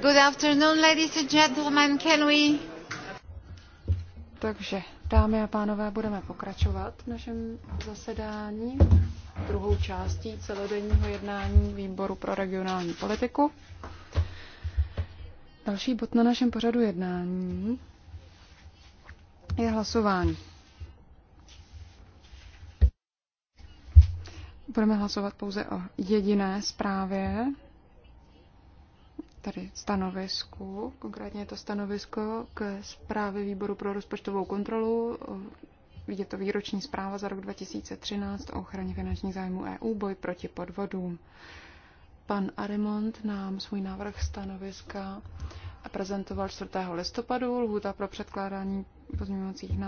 Good afternoon, ladies and gentlemen. Can we... Takže, dámy a pánové, budeme pokračovat v našem zasedání druhou částí celodenního jednání výboru pro regionální politiku. Další bod na našem pořadu jednání je hlasování. Budeme hlasovat pouze o jediné zprávě tady stanovisku, konkrétně je to stanovisko k zprávě výboru pro rozpočtovou kontrolu. Je to výroční zpráva za rok 2013 o ochraně finančních zájmů EU, boj proti podvodům. Pan Aremont nám svůj návrh stanoviska prezentoval 4. listopadu. Lhůta pro předkládání pozměňovacích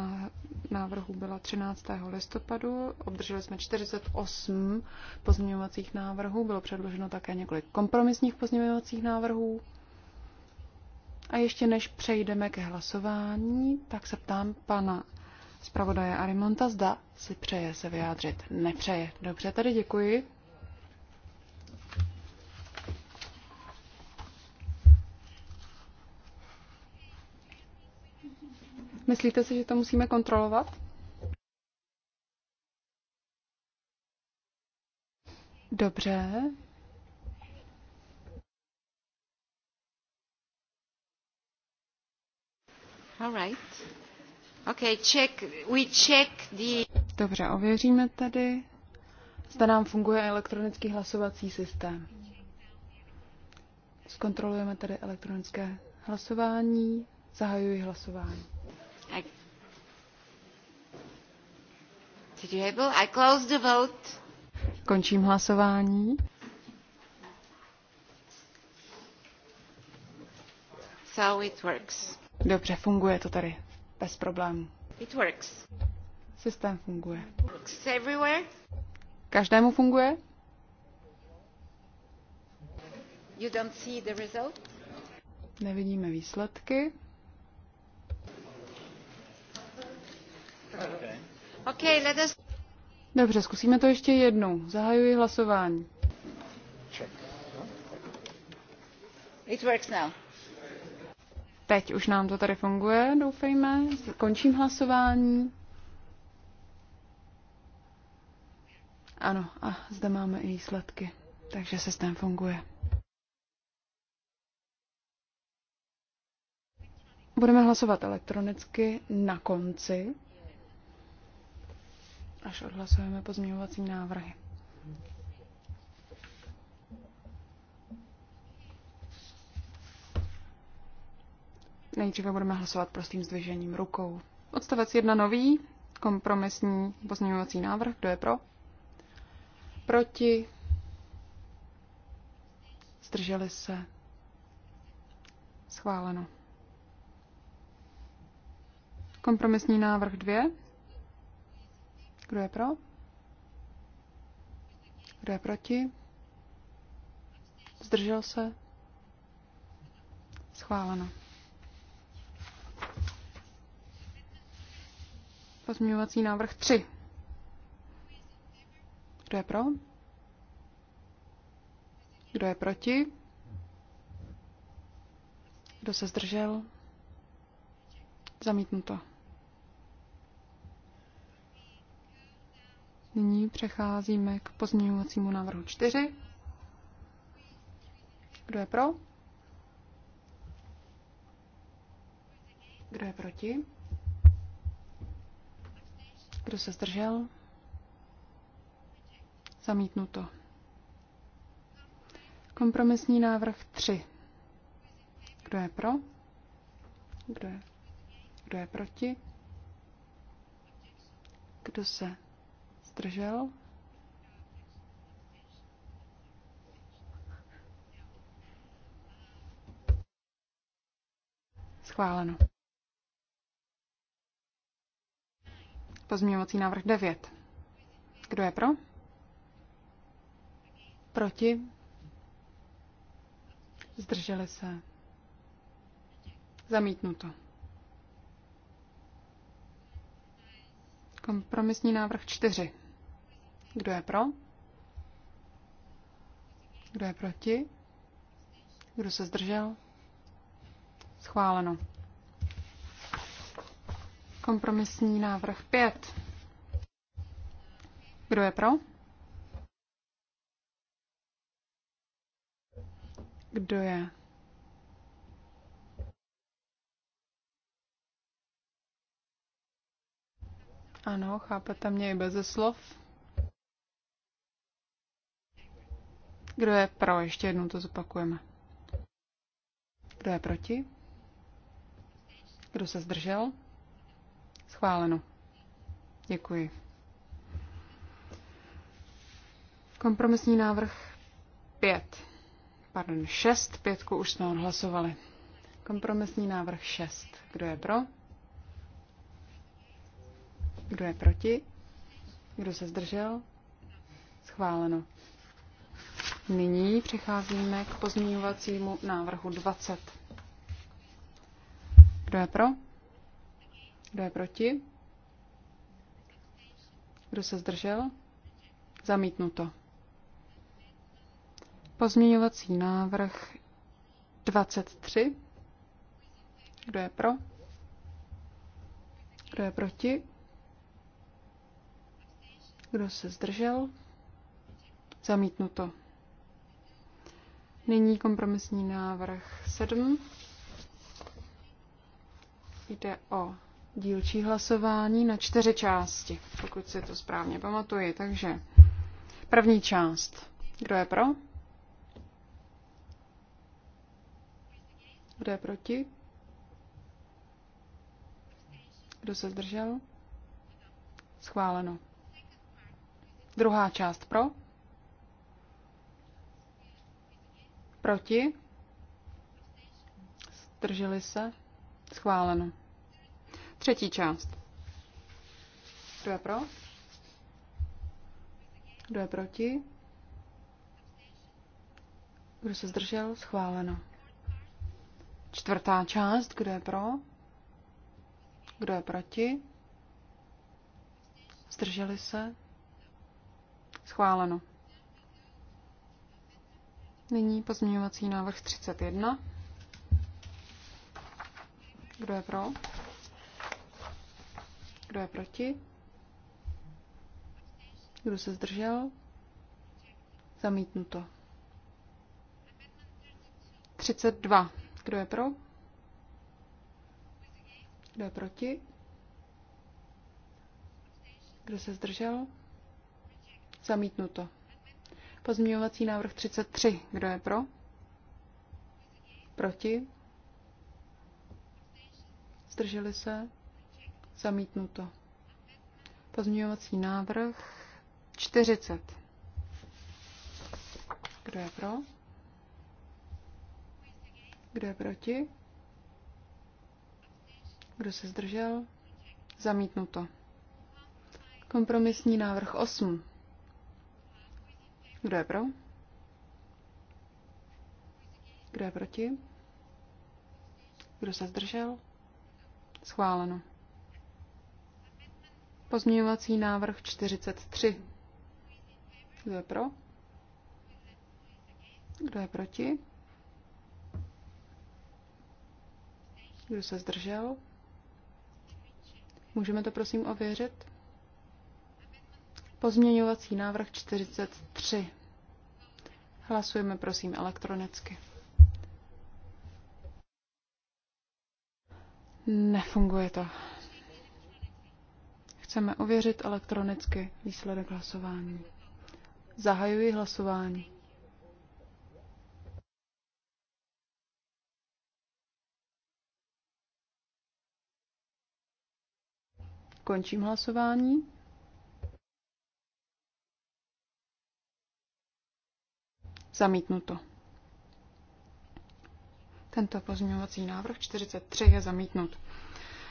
návrhů byla 13. listopadu. Obdrželi jsme 48 pozměňovacích návrhů. Bylo předloženo také několik kompromisních pozměňovacích návrhů. A ještě než přejdeme ke hlasování, tak se ptám pana zpravodaje Arimonta, zda si přeje se vyjádřit. Nepřeje. Dobře, tady děkuji. Myslíte si, že to musíme kontrolovat? Dobře. All right. Okay, check, we check the... Dobře, ověříme tady, zda nám funguje elektronický hlasovací systém. Zkontrolujeme tady elektronické hlasování. Zahajuji hlasování. Did you able? I close the vote. Končím hlasování. So it works. Dobře, funguje to tady. Bez problémů. It works. Systém funguje. Works everywhere. Každému funguje? You don't see the result? Nevidíme výsledky. Okay. Okay, let us... Dobře, zkusíme to ještě jednou. Zahajuji hlasování. It works now. Teď už nám to tady funguje, doufejme. Končím hlasování. Ano, a zde máme i výsledky, takže systém funguje. Budeme hlasovat elektronicky na konci až odhlasujeme pozměňovací návrhy. Nejdříve budeme hlasovat prostým zdvižením rukou. Odstavec 1 nový, kompromisní pozměňovací návrh. Kdo je pro? Proti? Zdrželi se? Schváleno. Kompromisní návrh 2. Kdo je pro? Kdo je proti? Zdržel se? Schváleno. Pozměňovací návrh 3. Kdo je pro? Kdo je proti? Kdo se zdržel? Zamítnuto. Nyní přecházíme k pozměňovacímu návrhu 4. Kdo je pro? Kdo je proti? Kdo se zdržel? Zamítnuto. Kompromisní návrh 3. Kdo je pro? Kdo je, kdo je proti? Kdo se zdržel. Schváleno. Pozměňovací návrh 9. Kdo je pro? Proti? Zdrželi se. Zamítnuto. Kompromisní návrh 4. Kdo je pro? Kdo je proti? Kdo se zdržel? Schváleno. Kompromisní návrh 5. Kdo je pro? Kdo je Ano, chápete mě i bez slov. Kdo je pro? Ještě jednou to zopakujeme. Kdo je proti? Kdo se zdržel? Schváleno. Děkuji. Kompromisní návrh 5. Pardon, 6. Pětku už jsme odhlasovali. Kompromisní návrh 6. Kdo je pro? Kdo je proti? Kdo se zdržel? Schváleno. Nyní přecházíme k pozměňovacímu návrhu 20. Kdo je pro? Kdo je proti? Kdo se zdržel? Zamítnuto. Pozměňovací návrh 23. Kdo je pro? Kdo je proti? Kdo se zdržel? Zamítnuto. Nyní kompromisní návrh 7. Jde o dílčí hlasování na čtyři části, pokud si to správně pamatuji. Takže první část. Kdo je pro? Kdo je proti? Kdo se zdržel? Schváleno. Druhá část pro? Proti? Zdrželi se? Schváleno. Třetí část. Kdo je pro? Kdo je proti? Kdo se zdržel? Schváleno. Čtvrtá část. Kdo je pro? Kdo je proti? Zdrželi se? Schváleno. Nyní pozměňovací návrh 31. Kdo je pro? Kdo je proti? Kdo se zdržel? Zamítnuto. 32. Kdo je pro? Kdo je proti? Kdo se zdržel? Zamítnuto. Pozměňovací návrh 33. Kdo je pro? Proti? Zdrželi se? Zamítnuto. Pozměňovací návrh 40. Kdo je pro? Kdo je proti? Kdo se zdržel? Zamítnuto. Kompromisní návrh 8. Kdo je pro? Kdo je proti? Kdo se zdržel? Schváleno. Pozměňovací návrh 43. Kdo je pro? Kdo je proti? Kdo se zdržel? Můžeme to prosím ověřit? Pozměňovací návrh 43. Hlasujeme prosím elektronicky. Nefunguje to. Chceme ověřit elektronicky výsledek hlasování. Zahajuji hlasování. Končím hlasování. Zamítnuto. Tento pozměňovací návrh 43 je zamítnut.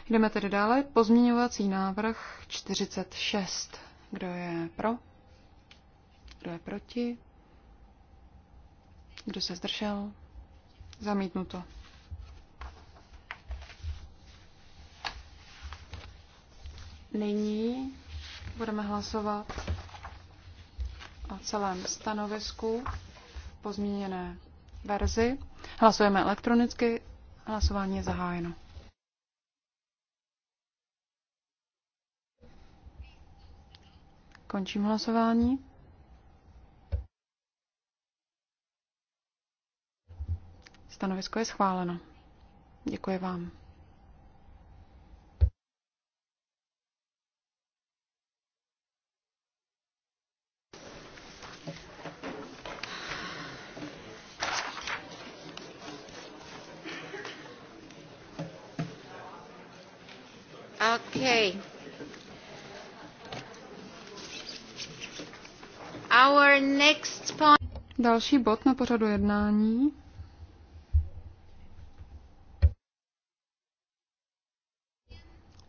Jdeme tedy dále. Pozměňovací návrh 46. Kdo je pro? Kdo je proti? Kdo se zdržel? Zamítnuto. Nyní budeme hlasovat o celém stanovisku pozměněné verzi. Hlasujeme elektronicky. Hlasování je zahájeno. Končím hlasování. Stanovisko je schváleno. Děkuji vám. Okay. Our next point. Další bod na pořadu jednání.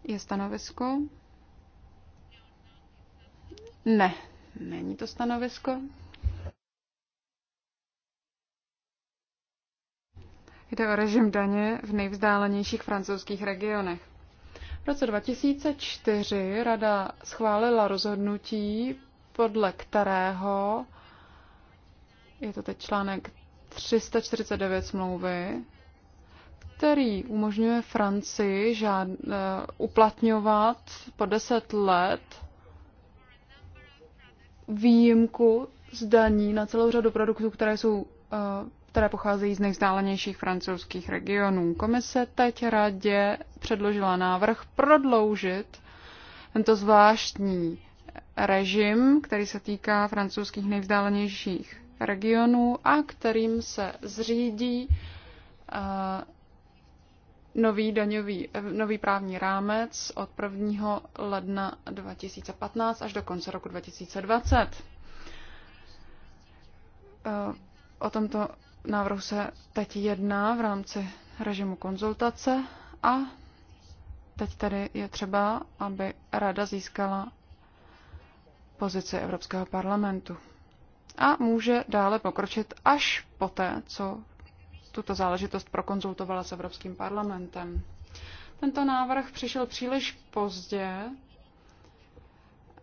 Je stanovisko? Ne, není to stanovisko. Jde o režim daně v nejvzdálenějších francouzských regionech. V roce 2004 Rada schválila rozhodnutí, podle kterého je to teď článek 349 smlouvy, který umožňuje Francii žád, uh, uplatňovat po 10 let výjimku z daní na celou řadu produktů, které jsou uh, které pocházejí z nejvzdálenějších francouzských regionů. Komise teď radě předložila návrh prodloužit tento zvláštní režim, který se týká francouzských nejvzdálenějších regionů a kterým se zřídí eh, nový daňový, eh, nový právní rámec od 1. ledna 2015 až do konce roku 2020. Eh, o tomto návrhu se teď jedná v rámci režimu konzultace a teď tedy je třeba, aby Rada získala pozici Evropského parlamentu. A může dále pokročit až poté, co tuto záležitost prokonzultovala s Evropským parlamentem. Tento návrh přišel příliš pozdě,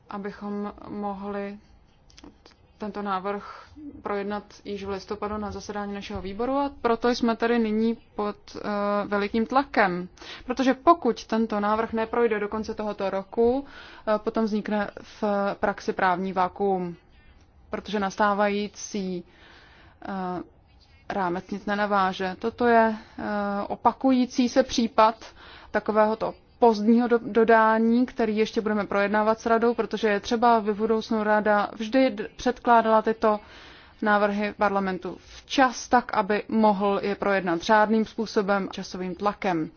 abychom mohli tento návrh projednat již v listopadu na zasedání našeho výboru a proto jsme tady nyní pod uh, velikým tlakem. Protože pokud tento návrh neprojde do konce tohoto roku, uh, potom vznikne v praxi právní vakuum, protože nastávající uh, rámec nic nenaváže. Toto je uh, opakující se případ takovéhoto pozdního dodání, který ještě budeme projednávat s radou, protože je třeba, v budoucnu rada vždy předkládala tyto návrhy parlamentu včas, tak aby mohl je projednat řádným způsobem časovým tlakem.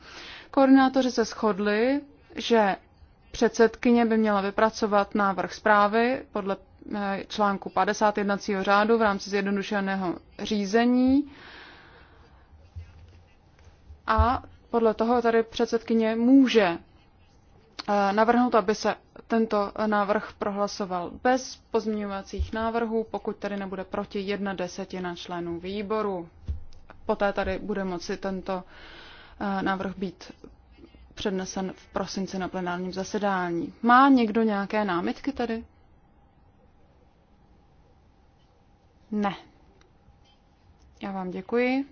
Koordinátoři se shodli, že předsedkyně by měla vypracovat návrh zprávy podle eh, článku 50 jednacího řádu v rámci zjednodušeného řízení a podle toho tady předsedkyně může eh, navrhnout, aby se tento návrh prohlasoval bez pozměňovacích návrhů, pokud tady nebude proti jedna desetina členů výboru. Poté tady bude moci tento eh, návrh být přednesen v prosinci na plenárním zasedání. Má někdo nějaké námitky tady? Ne. Já vám děkuji.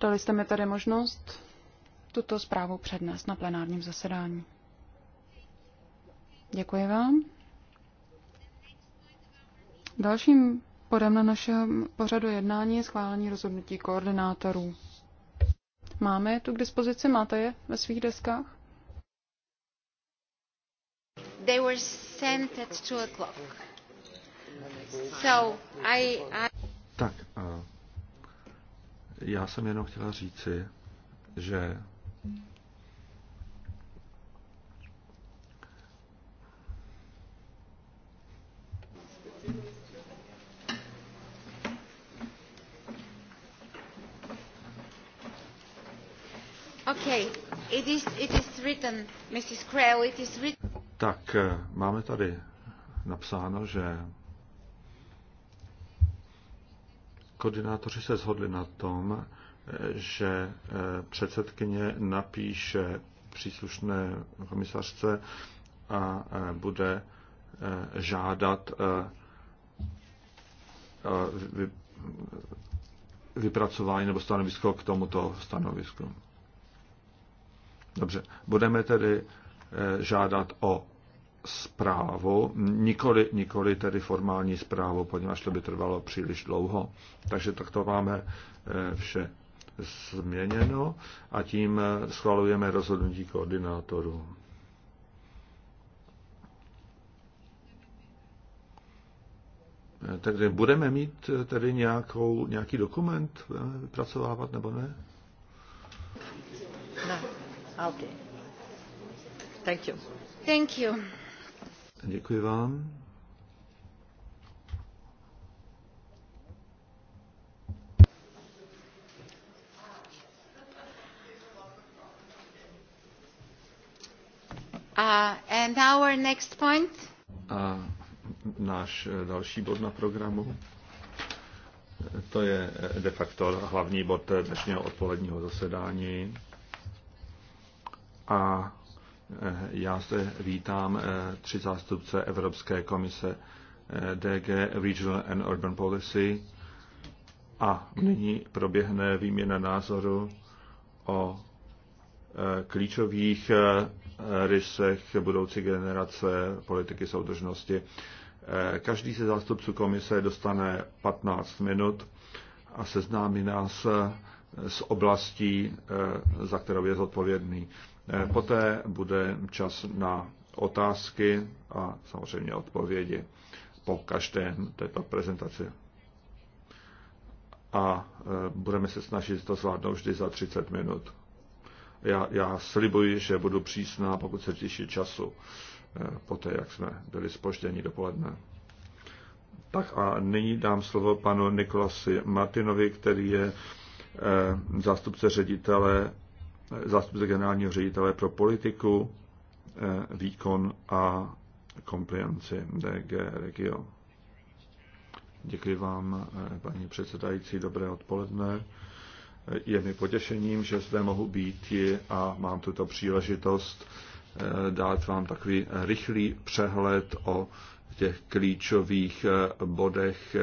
Dali jste mi tady možnost tuto zprávu přednést na plenárním zasedání. Děkuji vám. Dalším podem na našem pořadu jednání je schválení rozhodnutí koordinátorů. Máme je tu k dispozici? Máte je ve svých deskách? They were sent at two o'clock. So I, I... Tak, uh... Já jsem jenom chtěla říci, že Okay. It is, it is written, Mrs. Crow, it is written. Tak eh, máme tady napsáno, že Koordinátoři se shodli na tom, že eh, předsedkyně napíše příslušné komisařce a eh, bude eh, žádat vypracování nebo stanovisko k tomuto stanovisku. Dobře, budeme tedy žádat o zprávu, nikoli, nikoli tedy formální zprávu, poněvadž to by trvalo příliš dlouho. Takže takto máme eh, vše změněno a tím eh, schvalujeme rozhodnutí koordinátorů. Eh, takže budeme mít tedy nějakou, nějaký dokument vypracovávat, nebo ne? Ne. Ah, okay. Thank you. Thank you. Děkuji vám. Uh, and our next point. A náš e, další bod na programu, e, to je e, de facto hlavní bod dnešního odpoledního zasedání. A Eh, já zde vítám eh, tři zástupce Evropské komise eh, DG Regional and Urban Policy a nyní proběhne výměna názoru o klíčových rysech budoucí generace politiky soudržnosti. Každý ze zástupců komise dostane 15 minut a seznámí nás s oblastí, za kterou je zodpovědný. Eh, poté bude čas na otázky a samozřejmě odpovědi po každé této prezentaci. A eh, budeme se snažit to zvládnout vždy za 30 minut. Já, já slibuji, že budu přísná, pokud se těší času, eh, poté jak jsme byli spožděni dopoledne. Tak a nyní dám slovo panu Nikolasi Martinovi, který je zástupce ředitele zástupce generálního ředitele pro politiku, eh, výkon a komplianci DG Regio. Děkuji vám, eh, paní předsedající, dobré odpoledne. Eh, je mi potěšením, že zde mohu být a mám tuto příležitost dát vám takový rychlý přehled o těch klíčových bodech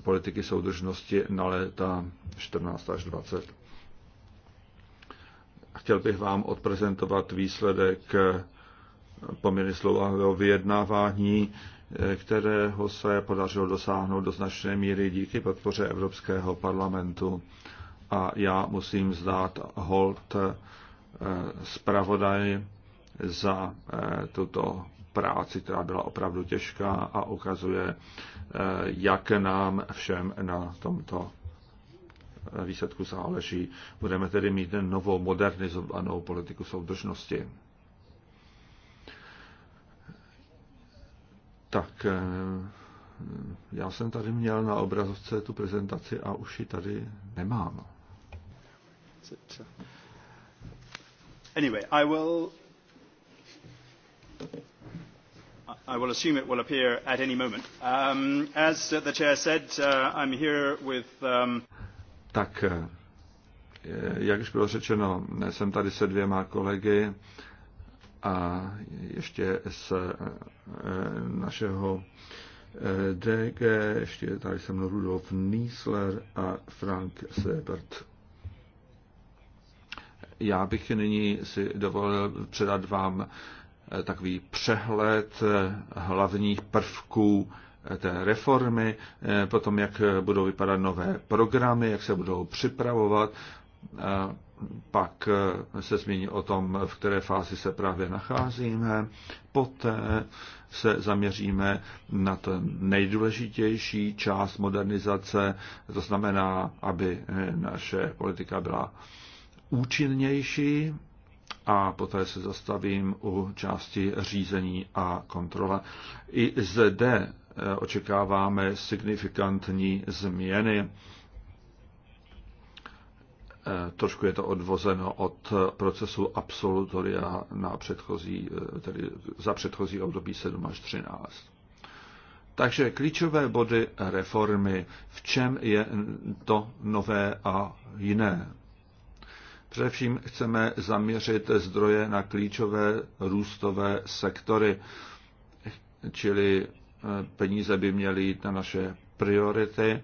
politiky soudržnosti na léta 14 až 20 chtěl bych vám odprezentovat výsledek poměrně slouvavého vyjednávání, kterého se podařilo dosáhnout do značné míry díky podpoře Evropského parlamentu. A já musím zdát hold eh, zpravodaj za eh, tuto práci, která byla opravdu těžká a ukazuje, eh, jak nám všem na tomto výsledku záleží. Budeme tedy mít novou modernizovanou politiku soudržnosti. Tak, eh, já jsem tady měl na obrazovce tu prezentaci a už ji tady nemám. Anyway, I will I will assume it will appear at any moment. Um, as the chair said, uh, I'm here with um tak, eh, jak už bylo řečeno, jsem tady se dvěma kolegy a ještě z eh, našeho eh, DG, ještě tady se mnou Rudolf Niesler a Frank Sebert. Já bych nyní si dovolil předat vám takový přehled hlavních prvků té reformy, eh, potom jak budou vypadat nové programy, jak se budou připravovat, pak eh, se zmíní o tom, v které fázi se právě nacházíme. Poté se zaměříme na ten nejdůležitější část modernizace, to znamená, aby eh, naše politika byla účinnější a poté se zastavím u části řízení a kontrola. I zde Eh, očekáváme signifikantní změny. Eh, trošku je to odvozeno od procesu absolutoria na předchozí, eh, tedy za předchozí období 7 až 13. Takže klíčové body reformy, v čem je to nové a jiné. Především chceme zaměřit zdroje na klíčové růstové sektory, čili peníze by měly jít na naše priority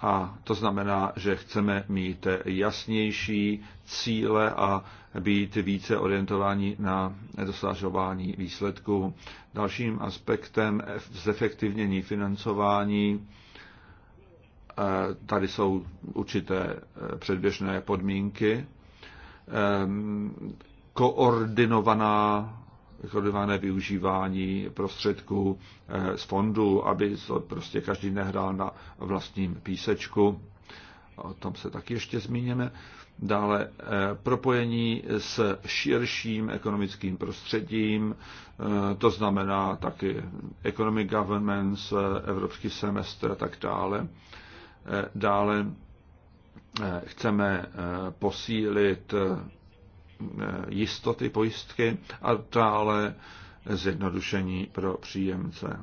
a to znamená, že chceme mít jasnější cíle a být více orientováni na dosažování výsledků. Dalším aspektem zefektivnění financování eh, tady jsou určité eh, předběžné podmínky, ehm, koordinovaná koordinované využívání prostředků eh, z fondu, aby to prostě každý nehrál na vlastním písečku. O tom se taky ještě zmíníme. Dále eh, propojení s širším ekonomickým prostředím, eh, to znamená taky economic governance, evropský semestr a tak dále. Dále chceme posílit Eh, jistoty, pojistky a dále zjednodušení pro příjemce.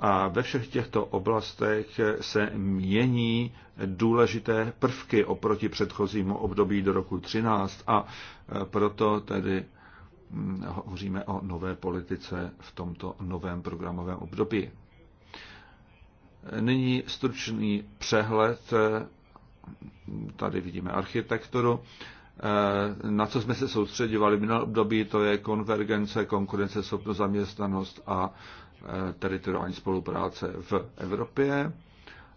A ve všech těchto oblastech se mění důležité prvky oproti předchozímu období do roku 13 a eh, proto tedy hm, hovoříme o nové politice v tomto novém programovém období. Nyní stručný přehled. Eh, tady vidíme architekturu. Eh, na co jsme se soustředovali v minulém období, to je konvergence, konkurenceschopnost, zaměstnanost a eh, teritoriální spolupráce v Evropě.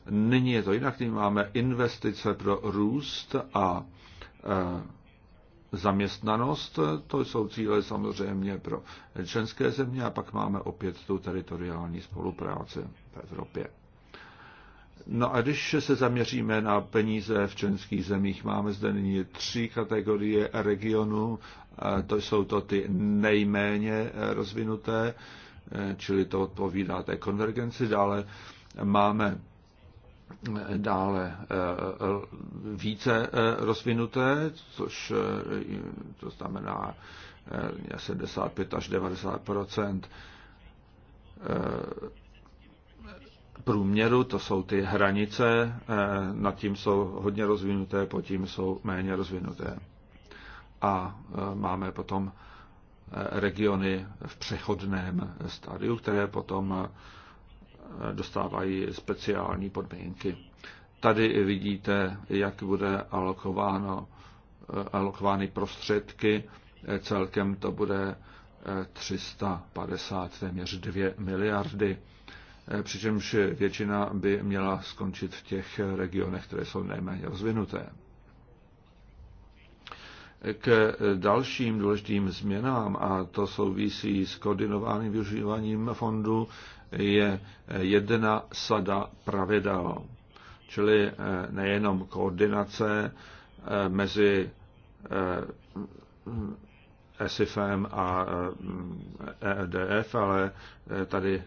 Nyní je to jinak, nyní máme investice pro růst a eh, zaměstnanost, to jsou cíle samozřejmě pro členské země a pak máme opět tu teritoriální spolupráci v Evropě. No a když se zaměříme na peníze v členských zemích, máme zde nyní tři kategorie regionů, to jsou to ty nejméně eh, rozvinuté, eh, čili to odpovídá té konvergenci. Dále máme eh, dále více rozvinuté, což to znamená 75 až 90 průměru, to jsou ty hranice, eh, nad tím jsou hodně rozvinuté, pod tím jsou méně rozvinuté. A eh, máme potom eh, regiony v přechodném stádiu, které potom dostávají speciální podmínky. Tady vidíte, jak bude alokováno, alokovány prostředky. Celkem to bude 350, téměř 2 miliardy Eh, přičemž většina by měla skončit v těch regionech, které jsou nejméně rozvinuté. K dalším důležitým změnám, a to souvisí s koordinovaným využíváním fondu, je jedna sada pravidel, čili eh, nejenom koordinace eh, mezi SIFem a EDF, e e ale e, tady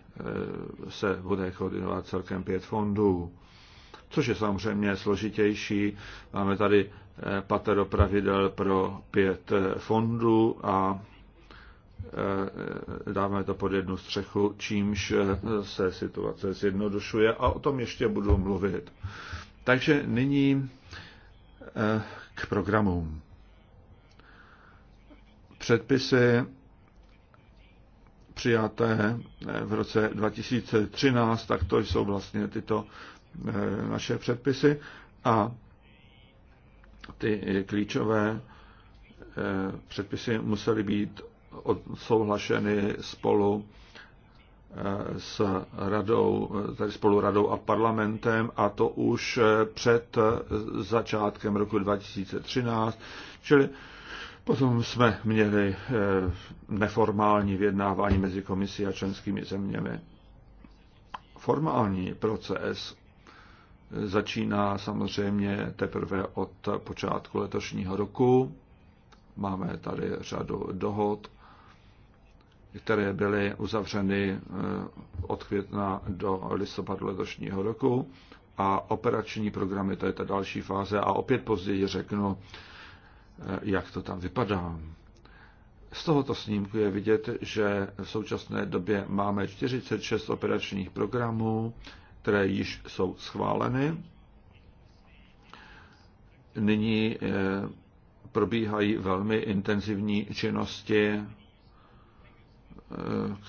se bude koordinovat celkem pět fondů, což je samozřejmě složitější. Máme tady patero pravidel pro pět fondů a dáme to pod jednu střechu, čímž se situace zjednodušuje a o tom ještě budu mluvit. Takže nyní k programům předpisy přijaté eh, v roce 2013, tak to jsou vlastně tyto eh, naše předpisy a ty klíčové eh, předpisy musely být odsouhlašeny spolu s radou, tedy spolu radou a parlamentem a to už před začátkem roku 2013, čili Potom jsme měli eh, neformální vyjednávání mezi komisí a členskými zeměmi. Formální proces začíná samozřejmě teprve od počátku letošního roku. Máme tady řadu dohod, které byly uzavřeny eh, od května do listopadu letošního roku a operační programy, to je ta další fáze a opět později řeknu, Eh, jak to tam vypadá. Z tohoto snímku je vidět, že v současné době máme 46 operačních programů, které již jsou schváleny. Nyní eh, probíhají velmi intenzivní činnosti, eh,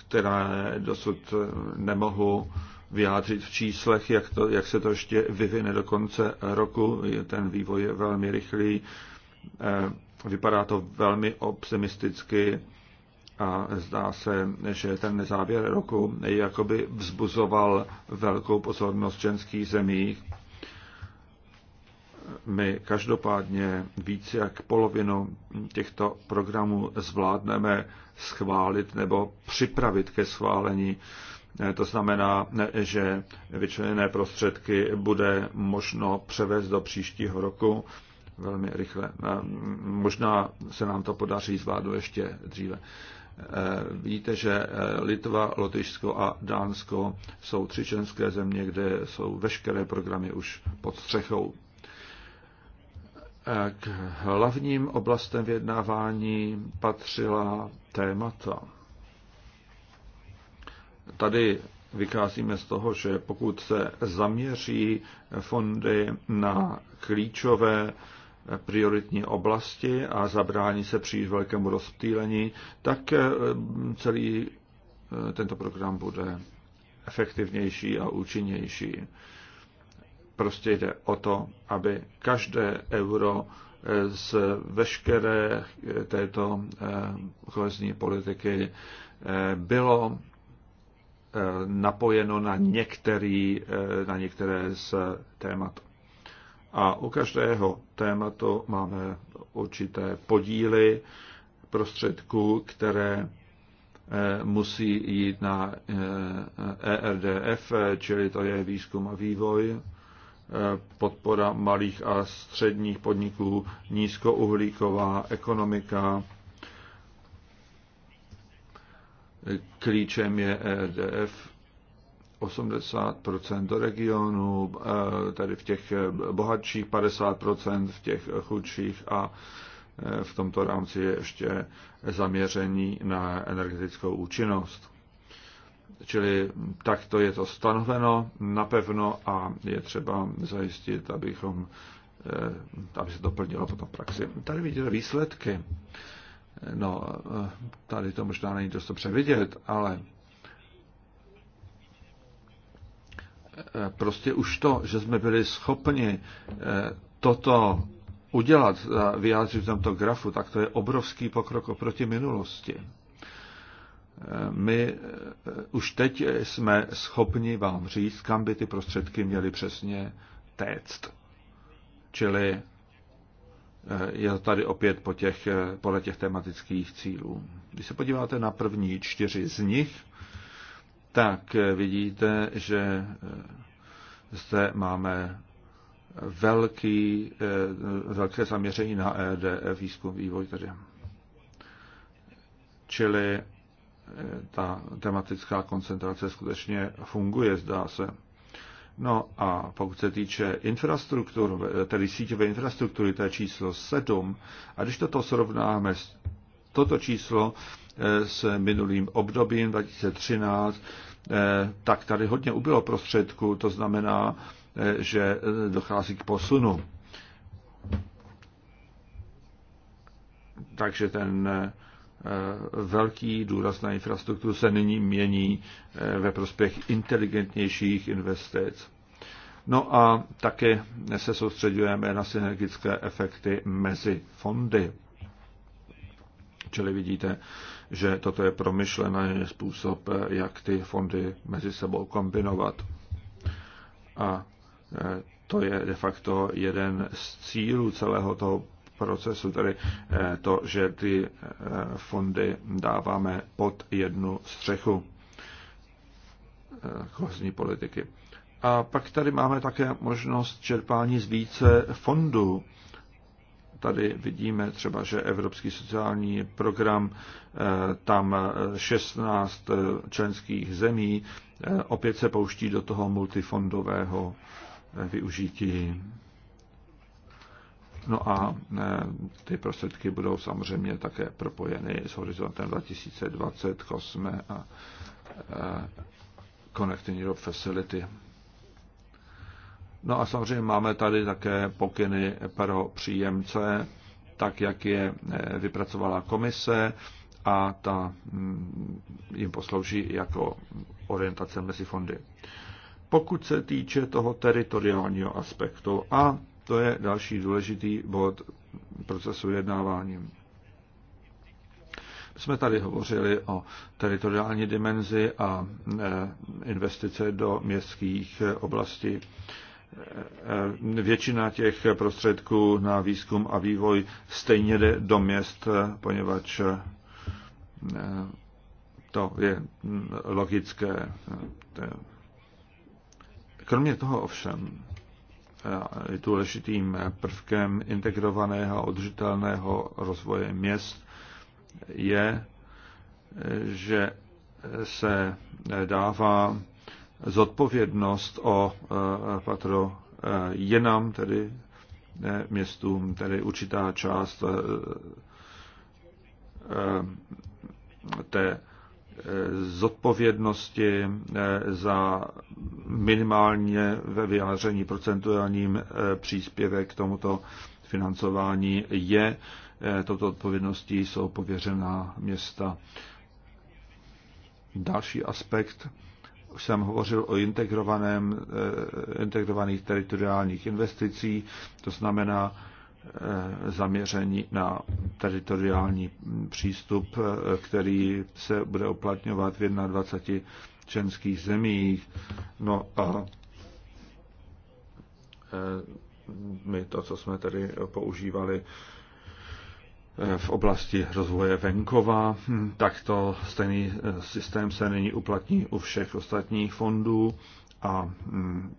které dosud nemohu vyjádřit v číslech, jak, to, jak se to ještě vyvine do konce roku. Ten vývoj je velmi rychlý. Eh, vypadá to velmi optimisticky a zdá se, že ten závěr roku jakoby vzbuzoval velkou pozornost ženských zemích. My každopádně více jak polovinu těchto programů zvládneme schválit nebo připravit ke schválení. Eh, to znamená, že vyčleněné prostředky bude možno převést do příštího roku velmi rychle. Možná se nám to podaří zvládnout ještě dříve. Eh, Víte, že eh, Litva, Lotyšsko a Dánsko jsou tři členské země, kde jsou veškeré programy už pod střechou. Eh, k hlavním oblastem vyjednávání patřila témata. Tady vycházíme z toho, že pokud se zaměří fondy na klíčové prioritní oblasti a zabrání se příliš velkému rozptýlení, tak eh, celý eh, tento program bude efektivnější a účinnější. Prostě jde o to, aby každé euro eh, z veškeré této kohezní politiky bylo napojeno na, některý, na některé z témat. A u každého tématu máme určité podíly prostředků, které eh, musí jít na ERDF, eh, e čili to je výzkum a vývoj, eh, podpora malých a středních podniků, nízkouhlíková ekonomika. Klíčem je ERDF 80% do regionu, eh, tady v těch eh, bohatších 50%, v těch eh, chudších a v tomto rámci je ještě zaměření na energetickou účinnost. Čili takto je to stanoveno napevno a je třeba zajistit, abychom, aby se to plnilo potom praxi. Tady vidíte výsledky. No, tady to možná není dost dobře vidět, ale Eh, prostě už to, že jsme byli schopni eh, toto udělat, vyjádřit v tomto grafu, tak to je obrovský pokrok oproti minulosti. Eh, my už teď jsme schopni vám říct, kam by ty prostředky měly přesně téct. Čili je to tady opět po těch, podle těch tematických cílů. Když se podíváte na první čtyři z nich, tak vidíte, že eh, zde máme velký, eh, velké zaměření na EDF, e, výzkum, vývoj tedy. Čili eh, ta tematická koncentrace skutečně funguje, zdá se. No a pokud se týče infrastruktur, tedy síťové infrastruktury, to je číslo 7. A když toto srovnáme s toto číslo Eh, s minulým obdobím 2013, eh, tak tady hodně ubylo prostředků, to znamená, eh, že dochází k posunu. Takže ten velký důraz na infrastrukturu se nyní mění ve prospěch inteligentnějších investic. No a také se soustředujeme na synergické efekty mezi fondy. Čili vidíte, že toto je promyšlený způsob, jak ty fondy mezi sebou kombinovat. A e, to je de facto jeden z cílů celého toho procesu, tedy e, to, že ty e, fondy dáváme pod jednu střechu kohezní politiky. A pak tady máme také možnost čerpání z více fondů. Tady vidíme třeba, že Evropský sociální program, eh, tam 16 eh, eh, členských zemí opět se pouští do toho multifondového využití. No a ty prostředky budou samozřejmě také propojeny s horizontem 2020, COSME a Connecting Europe Facility. No a samozřejmě máme tady také pokyny pro příjemce, tak jak je eh, vypracovala komise a ta mm, jim poslouží jako orientace mezi fondy. Pokud se týče toho teritoriálního aspektu, a to je další důležitý bod procesu jednávání. Jsme tady hovořili o teritoriální dimenzi a eh, investice do městských eh, oblastí. Eh, eh, většina těch prostředků na výzkum a vývoj stejně jde do měst, eh, poněvadž to je hm, logické. Kromě toho ovšem je důležitým prvkem integrovaného a udržitelného rozvoje měst je, že se dává zodpovědnost o eh, patro eh, jenom tedy eh, městům, tedy určitá část té zodpovědnosti za minimálně ve vyjádření procentuálním příspěvek k tomuto financování je. Toto odpovědností jsou pověřená města. Další aspekt už jsem hovořil o integrovaném, eh, integrovaných teritoriálních investicích, to znamená eh, zaměření na teritoriální přístup, eh, který se bude uplatňovat v 21 členských zemích. No a my to, co jsme tady používali v oblasti rozvoje venkova, hm, tak to stejný eh, systém se nyní uplatní u všech ostatních fondů a hm,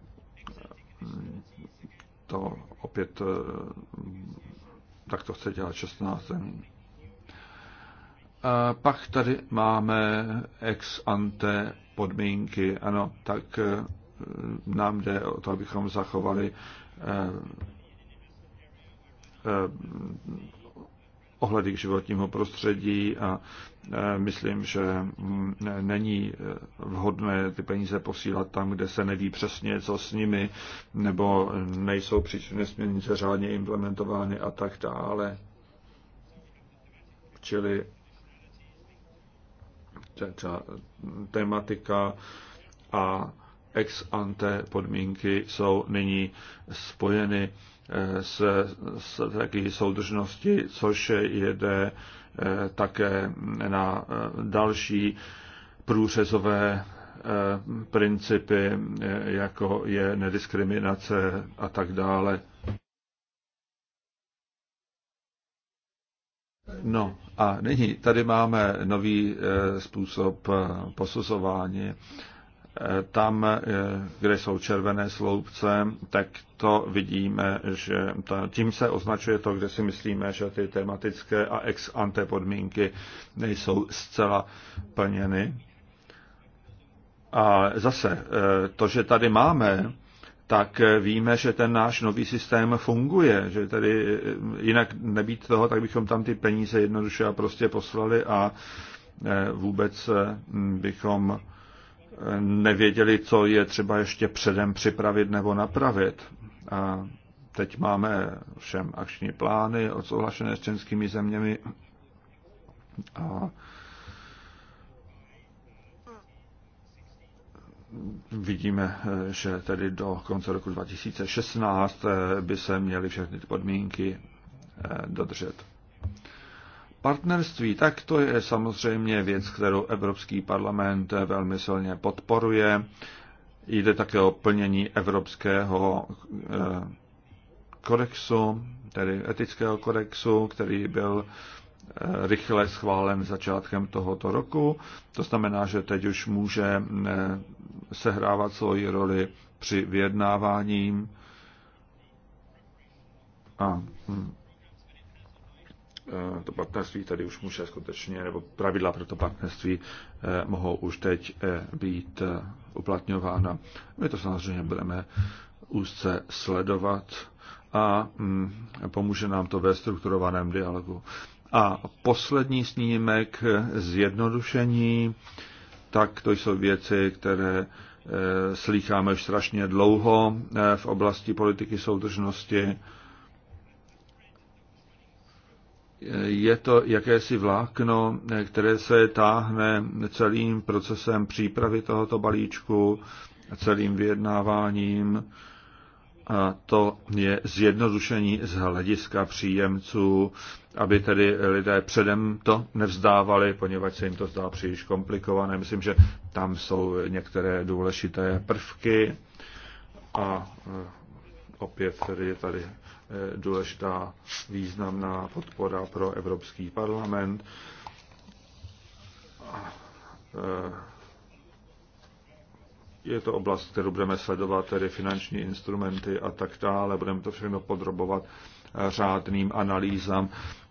to opět eh, tak to chce dělat 16 zemí. A pak tady máme ex ante podmínky. Ano, tak eh, nám jde o to, abychom zachovali ohledy k životnímu prostředí a e, myslím, že mm, není e, vhodné ty peníze posílat tam, kde se neví přesně, co s nimi, nebo nejsou příčiny směrnice řádně implementovány a tak dále. Čili ta tematika a ex ante podmínky jsou nyní spojeny z taky soudržnosti, což jede eh, také na eh, další průřezové eh, principy, jako je nediskriminace a tak dále. No a nyní tady máme nový způsob posuzování tam, eh, kde jsou červené sloupce, tak to vidíme, že ta, tím se označuje to, kde si myslíme, že ty tematické a ex ante podmínky nejsou zcela plněny. A zase, eh, to, že tady máme, tak eh, víme, že ten náš nový systém funguje, že tady jinak nebýt toho, tak bychom tam ty peníze jednoduše a prostě poslali a vůbec bychom nevěděli, co je třeba ještě předem připravit nebo napravit. A teď máme všem akční plány odsouhlašené s českými zeměmi a vidíme, že tedy do konce roku 2016 by se měly všechny ty podmínky eh, dodržet partnerství, tak to je samozřejmě věc, kterou Evropský parlament velmi silně podporuje. Jde také o plnění Evropského eh, kodexu, tedy etického kodexu, který byl eh, rychle schválen začátkem tohoto roku. To znamená, že teď už může eh, sehrávat svoji roli při vyjednávání a hm, Eh, to partnerství tady už může skutečně, nebo pravidla pro to partnerství eh, mohou už teď eh, být uplatňována. My to samozřejmě budeme úzce sledovat a mm, pomůže nám to ve strukturovaném dialogu. A poslední snímek zjednodušení, tak to jsou věci, které slýcháme už strašně dlouho v oblasti politiky soudržnosti je to jakési vlákno, které se táhne celým procesem přípravy tohoto balíčku, celým vyjednáváním. A to je zjednodušení z hlediska příjemců, aby tedy lidé předem to nevzdávali, poněvadž se jim to zdá příliš komplikované. Myslím, že tam jsou některé důležité prvky a e, opět tedy je tady Eh, důležitá významná podpora pro Evropský parlament. Eh, je to oblast, kterou budeme sledovat, tedy finanční instrumenty a tak dále. Budeme to všechno podrobovat řádným analýzám,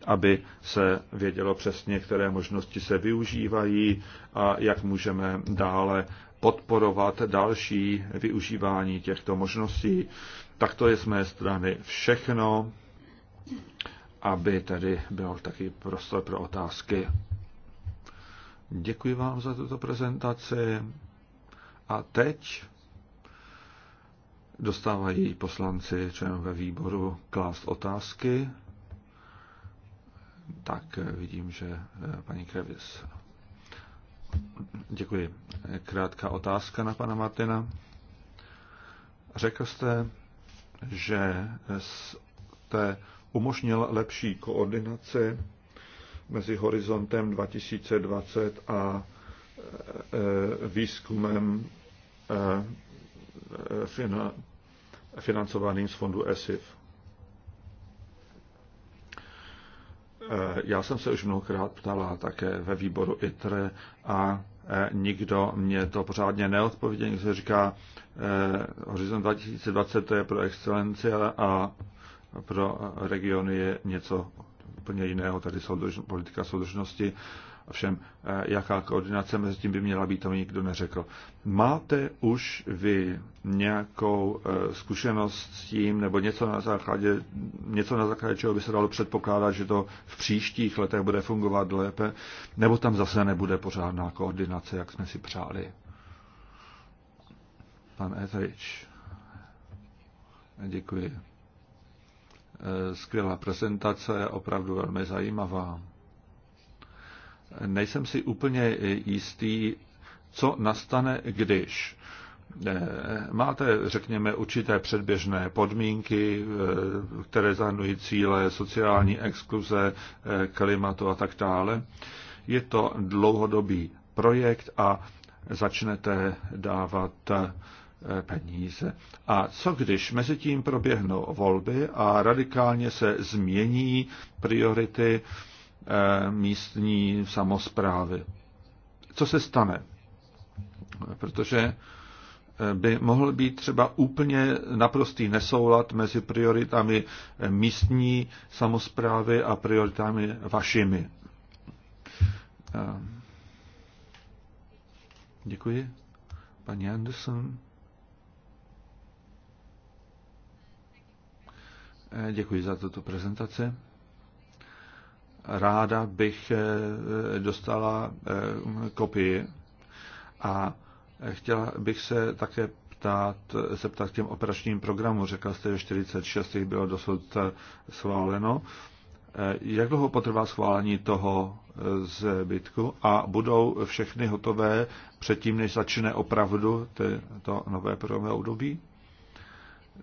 aby se vědělo přesně, které možnosti se využívají a jak můžeme dále podporovat další využívání těchto možností. Tak to je z mé strany všechno, aby tady byl taky prostor pro otázky. Děkuji vám za tuto prezentaci. A teď dostávají poslanci členové výboru klást otázky. Tak vidím, že eh, paní Krevis Děkuji. Krátká otázka na pana Martina. Řekl jste, že jste umožnil lepší koordinaci mezi horizontem 2020 a e, e, výzkumem e, financovaným z fondu ESIF. Eh, já jsem se už mnohokrát ptala také ve výboru ITRE a eh, nikdo mě to pořádně neodpověděl. Někdo se říká, eh, horizont 2020 to je pro excelenci a pro regiony je něco úplně jiného, tady soudrž, politika soudržnosti. Ovšem, eh, jaká koordinace mezi tím by měla být, to mi nikdo neřekl. Máte už vy nějakou eh, zkušenost s tím, nebo něco na základě, něco na základě čeho by se dalo předpokládat, že to v příštích letech bude fungovat lépe, nebo tam zase nebude pořádná koordinace, jak jsme si přáli? Pan Etheridge. Děkuji. Eh, skvělá prezentace, opravdu velmi zajímavá nejsem si úplně jistý, co nastane, když eh, máte, řekněme, určité předběžné podmínky, eh, které zahrnují cíle sociální exkluze, eh, klimatu a tak dále. Je to dlouhodobý projekt a začnete dávat peníze. A co když mezi tím proběhnou volby a radikálně se změní priority eh, Eh, místní samozprávy. Co se stane? Protože eh, by mohl být třeba úplně naprostý nesoulad mezi prioritami místní samozprávy a prioritami vašimi. Eh, děkuji. Paní Anderson. Děkuji za tuto prezentaci ráda bych eh, dostala eh, kopii a chtěla bych se také ptát, ptát k těm operačním programům. Řekla jste, že 46 jich bylo dosud eh, schváleno. Jak dlouho potrvá schválení toho zbytku a budou všechny hotové předtím, než začne opravdu to nové programové období?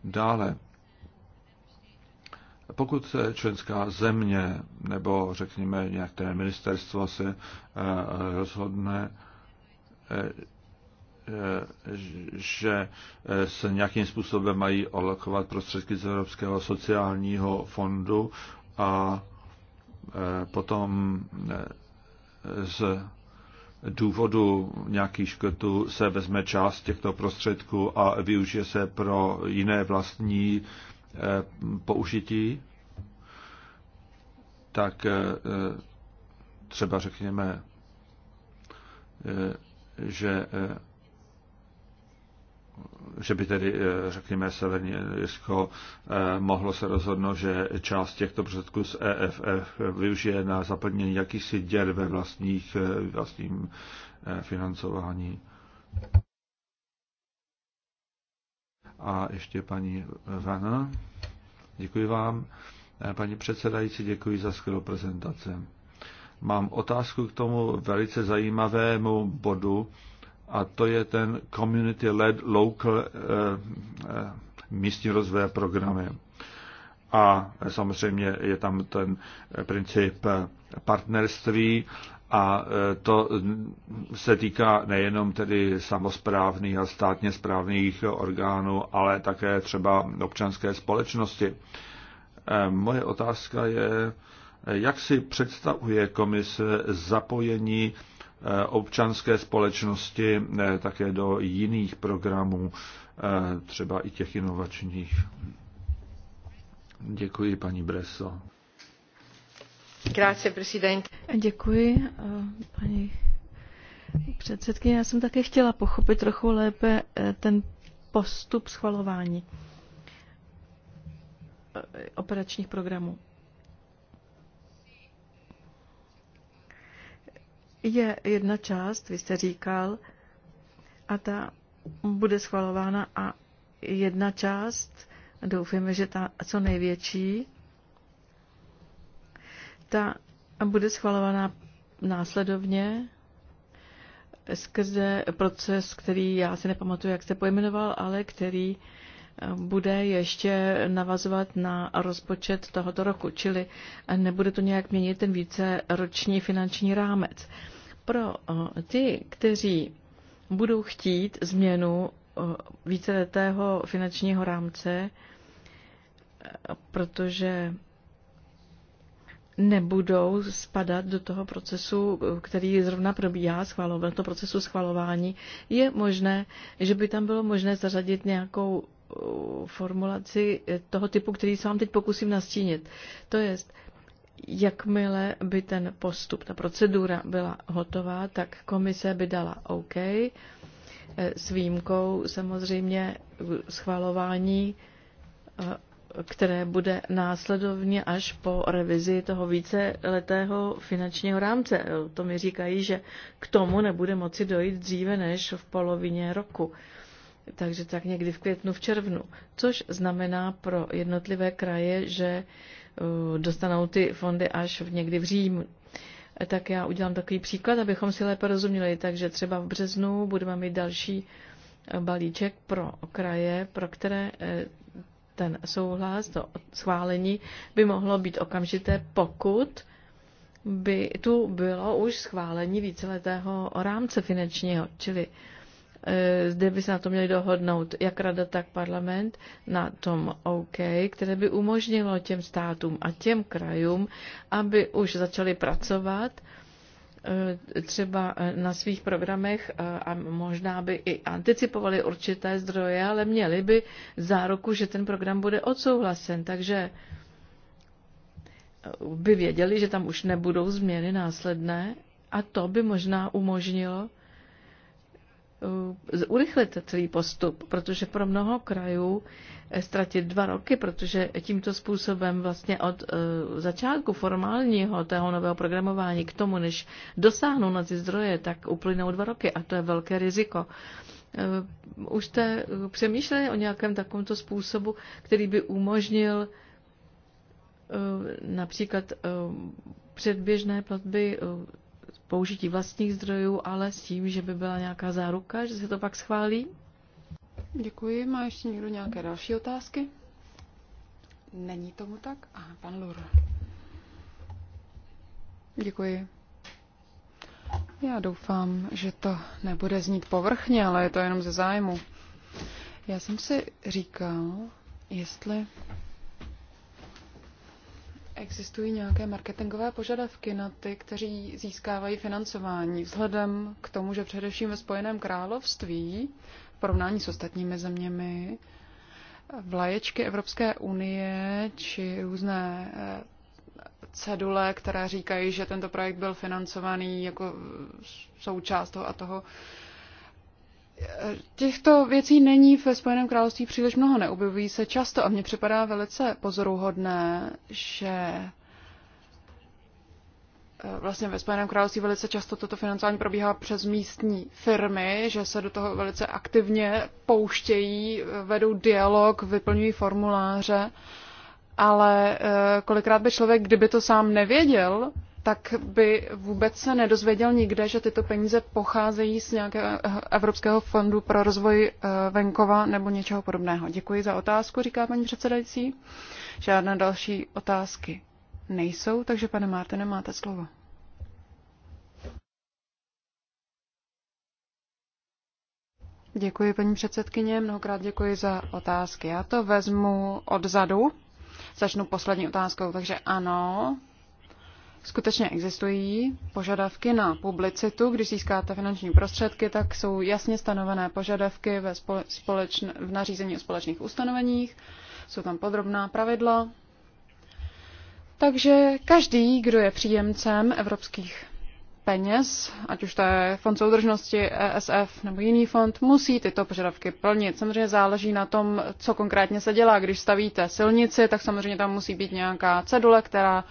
Dále, pokud členská země nebo řekněme nějaké ministerstvo se eh, rozhodne, eh, eh, že se nějakým způsobem mají alokovat prostředky z Evropského sociálního fondu a potom z důvodu nějakých škrtů se vezme část těchto prostředků a využije se pro jiné vlastní Eh, použití, tak eh, třeba řekněme, eh, že že by tedy, řekněme, Severní Irsko mohlo se rozhodnout, že část těchto prostředků z EFF využije na zaplnění jakýsi děr ve vlastních, vlastním financování a ještě paní Vana. Děkuji vám. Eh, paní předsedající, děkuji za skvělou prezentaci. Mám otázku k tomu velice zajímavému bodu, a to je ten community-led local eh, eh místní rozvoje programy. A samozřejmě je tam ten princip partnerství a e, to se týká nejenom tedy samozprávných a státně správných orgánů, ale také třeba občanské společnosti. E, moje otázka je, jak si představuje komise zapojení e, občanské společnosti také do jiných programů, třeba i těch inovačních. Děkuji, paní Breso. Děkuji, eh, paní předsedkyně. Já jsem také chtěla pochopit trochu lépe eh, ten postup schvalování eh, operačních programů. Je jedna část, vy jste říkal, a ta bude schvalována a jedna část, doufejme, že ta co největší, ta bude schvalovaná následovně skrze proces, který já si nepamatuju, jak se pojmenoval, ale který eh, bude ještě navazovat na rozpočet tohoto roku, čili eh, nebude to nějak měnit ten roční finanční rámec. Pro eh, ty, kteří budou chtít změnu víceletého finančního rámce, protože nebudou spadat do toho procesu, který zrovna probíhá, schvalování. To procesu schvalování, je možné, že by tam bylo možné zařadit nějakou uh, formulaci toho typu, který se vám teď pokusím nastínit. To je, jakmile by ten postup, ta procedura byla hotová, tak komise by dala OK, eh, s výjimkou samozřejmě schvalování eh, které bude následovně až po revizi toho víceletého finančního rámce. To mi říkají, že k tomu nebude moci dojít dříve než v polovině roku. Takže tak někdy v květnu, v červnu. Což znamená pro jednotlivé kraje, že uh, dostanou ty fondy až v někdy v říjnu. Tak já udělám takový příklad, abychom si lépe rozuměli. Takže třeba v březnu budeme mít další uh, balíček pro kraje, pro které uh, ten souhlas, to schválení by mohlo být okamžité, pokud by tu bylo už schválení víceletého rámce finančního, čili e, zde by se na to měli dohodnout jak rada, tak parlament na tom OK, které by umožnilo těm státům a těm krajům, aby už začali pracovat Eh, třeba eh, na svých programech eh, a možná by i anticipovali určité zdroje, ale měli by záruku, že ten program bude odsouhlasen, takže by věděli, že tam už nebudou změny následné a to by možná umožnilo Eh, urychlit celý postup, protože pro mnoho krajů eh, ztratit dva roky, protože tímto způsobem vlastně od eh, začátku formálního tého nového programování k tomu, než dosáhnou na ty zdroje, tak uplynou dva roky a to je velké riziko. Už jste přemýšleli o nějakém takovémto způsobu, který by umožnil například předběžné platby použití vlastních zdrojů, ale s tím, že by byla nějaká záruka, že se to pak schválí? Děkuji. Má ještě někdo nějaké další otázky? Není tomu tak? A pan Lur. Děkuji. Já doufám, že to nebude znít povrchně, ale je to jenom ze zájmu. Já jsem si říkal, jestli Existují nějaké marketingové požadavky na ty, kteří získávají financování, vzhledem k tomu, že především ve Spojeném království, v porovnání s ostatními zeměmi, vlaječky Evropské unie či různé eh, cedule, které říkají, že tento projekt byl financovaný jako součást toho a toho Těchto věcí není ve Spojeném království příliš mnoho, neobjevují se často a mně připadá velice pozoruhodné, že eh, vlastně ve Spojeném království velice často toto financování probíhá přes místní firmy, že se do toho velice aktivně pouštějí, eh, vedou dialog, vyplňují formuláře, ale eh, kolikrát by člověk, kdyby to sám nevěděl, tak by vůbec se nedozvěděl nikde, že tyto peníze pocházejí z nějakého Evropského fondu pro rozvoj eh, venkova nebo něčeho podobného. Děkuji za otázku, říká paní předsedající. Žádné další otázky nejsou, takže pane Martine, máte slovo. Děkuji, paní předsedkyně, mnohokrát děkuji za otázky. Já to vezmu odzadu. Začnu poslední otázkou, takže ano, skutečně existují požadavky na publicitu. Když získáte finanční prostředky, tak jsou jasně stanovené požadavky ve společn- v nařízení o společných ustanoveních. Jsou tam podrobná pravidla. Takže každý, kdo je příjemcem evropských peněz, ať už to je fond soudržnosti, ESF nebo jiný fond, musí tyto požadavky plnit. Samozřejmě záleží na tom, co konkrétně se dělá. Když stavíte silnici, tak samozřejmě tam musí být nějaká cedule, která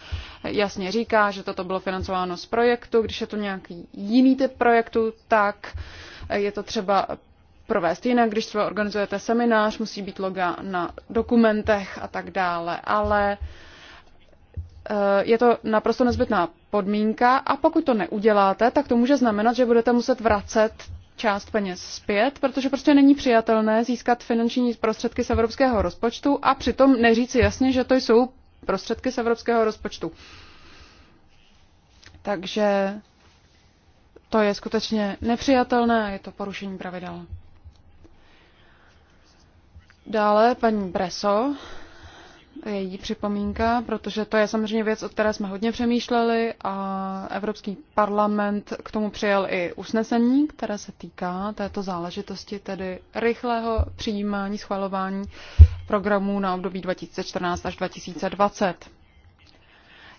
jasně říká, že toto bylo financováno z projektu. Když je to nějaký jiný typ projektu, tak je to třeba provést jinak, když třeba organizujete seminář, musí být loga na dokumentech a tak dále, ale eh, je to naprosto nezbytná podmínka a pokud to neuděláte, tak to může znamenat, že budete muset vracet část peněz zpět, protože prostě není přijatelné získat finanční prostředky z evropského rozpočtu a přitom neříci jasně, že to jsou prostředky z evropského rozpočtu. Takže to je skutečně nepřijatelné a je to porušení pravidel. Dále paní Breso její připomínka, protože to je samozřejmě věc, o které jsme hodně přemýšleli a Evropský parlament k tomu přijal i usnesení, které se týká této záležitosti, tedy rychlého přijímání, schvalování programů na období 2014 až 2020.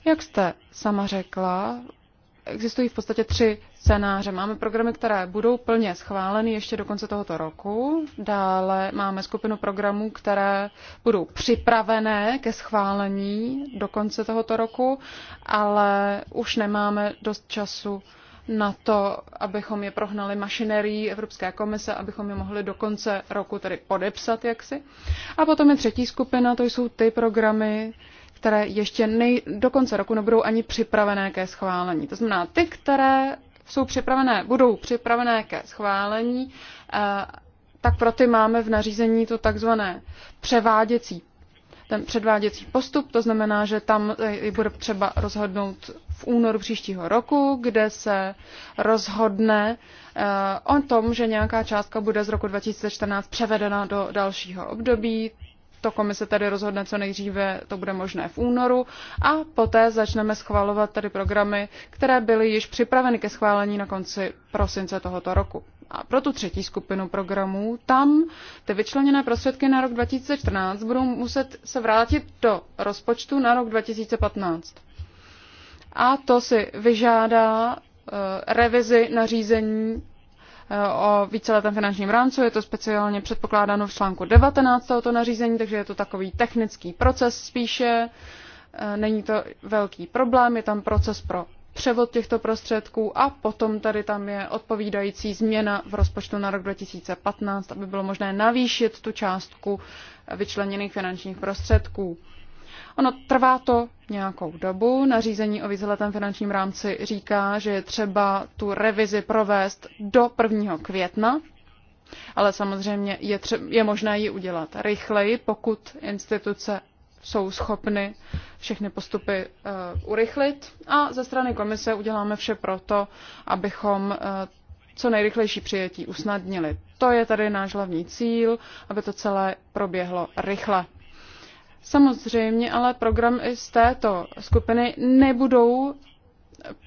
Jak jste sama řekla, existují v podstatě tři scénáře. Máme programy, které budou plně schváleny ještě do konce tohoto roku. Dále máme skupinu programů, které budou připravené ke schválení do konce tohoto roku, ale už nemáme dost času na to, abychom je prohnali mašinerii Evropské komise, abychom je mohli do konce roku tedy podepsat jaksi. A potom je třetí skupina, to jsou ty programy, které ještě nej, do konce roku nebudou ani připravené ke schválení. To znamená, ty, které jsou připravené, budou připravené ke schválení, eh, tak pro ty máme v nařízení to takzvané převáděcí ten předváděcí postup, to znamená, že tam eh, bude třeba rozhodnout v únoru příštího roku, kde se rozhodne eh, o tom, že nějaká částka bude z roku 2014 převedena do dalšího období to komise tady rozhodne co nejdříve, to bude možné v únoru a poté začneme schvalovat tady programy, které byly již připraveny ke schválení na konci prosince tohoto roku. A pro tu třetí skupinu programů, tam ty vyčleněné prostředky na rok 2014 budou muset se vrátit do rozpočtu na rok 2015. A to si vyžádá eh, revizi nařízení o víceletém finančním rámcu. Je to speciálně předpokládáno v článku 19 tohoto nařízení, takže je to takový technický proces spíše. E, není to velký problém, je tam proces pro převod těchto prostředků a potom tady tam je odpovídající změna v rozpočtu na rok 2015, aby bylo možné navýšit tu částku vyčleněných finančních prostředků. Ono trvá to nějakou dobu. Nařízení o víceletém finančním rámci říká, že je třeba tu revizi provést do 1. května, ale samozřejmě je, tře- je možné ji udělat rychleji, pokud instituce jsou schopny všechny postupy uh, urychlit. A ze strany komise uděláme vše proto, abychom uh, co nejrychlejší přijetí usnadnili. To je tady náš hlavní cíl, aby to celé proběhlo rychle. Samozřejmě, ale programy z této skupiny nebudou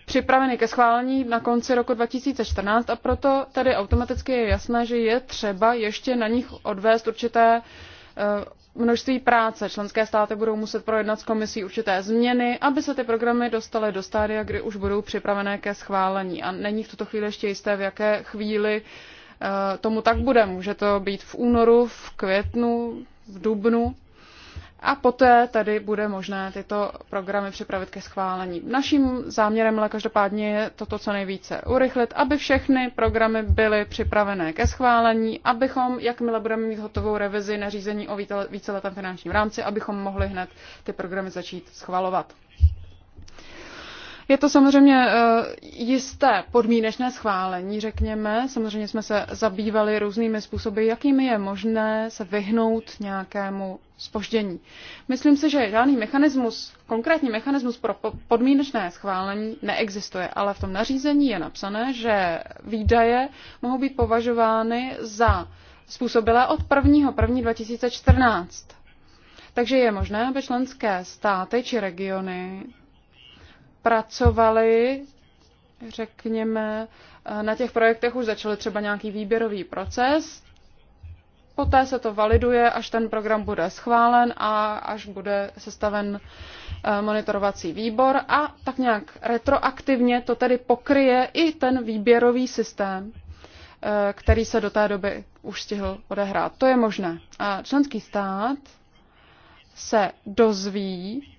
připraveny ke schválení na konci roku 2014 a proto tady automaticky je jasné, že je třeba ještě na nich odvést určité eh, množství práce. Členské státy budou muset projednat s komisí určité změny, aby se ty programy dostaly do stádia, kdy už budou připravené ke schválení. A není v tuto chvíli ještě jisté, v jaké chvíli eh, tomu tak bude. Může to být v únoru, v květnu, v dubnu a poté tady bude možné tyto programy připravit ke schválení. Naším záměrem ale každopádně je toto co nejvíce urychlit, aby všechny programy byly připravené ke schválení, abychom, jakmile budeme mít hotovou revizi nařízení o víceletém finančním rámci, abychom mohli hned ty programy začít schvalovat. Je to samozřejmě eh, jisté podmínečné schválení, řekněme. Samozřejmě jsme se zabývali různými způsoby, jakými je možné se vyhnout nějakému spoždění. Myslím si, že žádný mechanismus, konkrétní mechanismus pro podmínečné schválení neexistuje, ale v tom nařízení je napsané, že výdaje mohou být považovány za způsobilé od 1.1.2014. 2014. Takže je možné, aby členské státy či regiony pracovali, řekněme, na těch projektech už začali třeba nějaký výběrový proces, poté se to validuje, až ten program bude schválen a až bude sestaven eh, monitorovací výbor a tak nějak retroaktivně to tedy pokryje i ten výběrový systém, eh, který se do té doby už stihl odehrát. To je možné. A členský stát se dozví,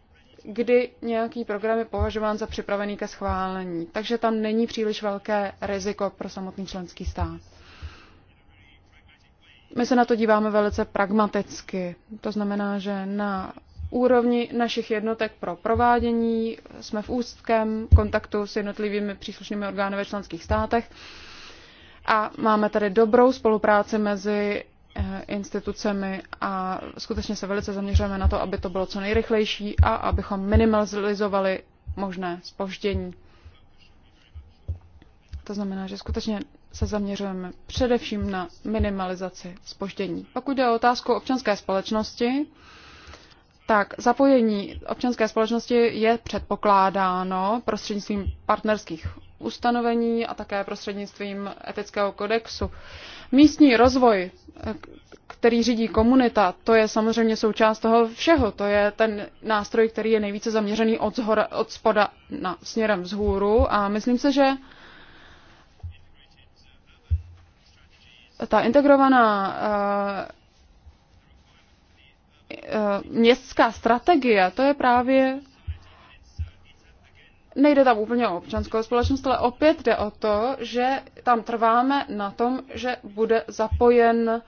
kdy nějaký program je považován za připravený ke schválení. Takže tam není příliš velké riziko pro samotný členský stát. My se na to díváme velice pragmaticky. To znamená, že na úrovni našich jednotek pro provádění jsme v úzkém kontaktu s jednotlivými příslušnými orgány ve členských státech a máme tady dobrou spolupráci mezi Eh, institucemi a skutečně se velice zaměřujeme na to, aby to bylo co nejrychlejší a abychom minimalizovali možné spoždění. To znamená, že skutečně se zaměřujeme především na minimalizaci spoždění. Pokud jde o otázku občanské společnosti, tak zapojení občanské společnosti je předpokládáno prostřednictvím partnerských ustanovení a také prostřednictvím etického kodexu. Místní rozvoj, který řídí komunita, to je samozřejmě součást toho všeho. To je ten nástroj, který je nejvíce zaměřený od, zhora, od spoda na směrem vzhůru a myslím se, že ta integrovaná uh, uh, městská strategie, to je právě Nejde tam úplně o občanskou společnost, ale opět jde o to, že tam trváme na tom, že bude zapojen,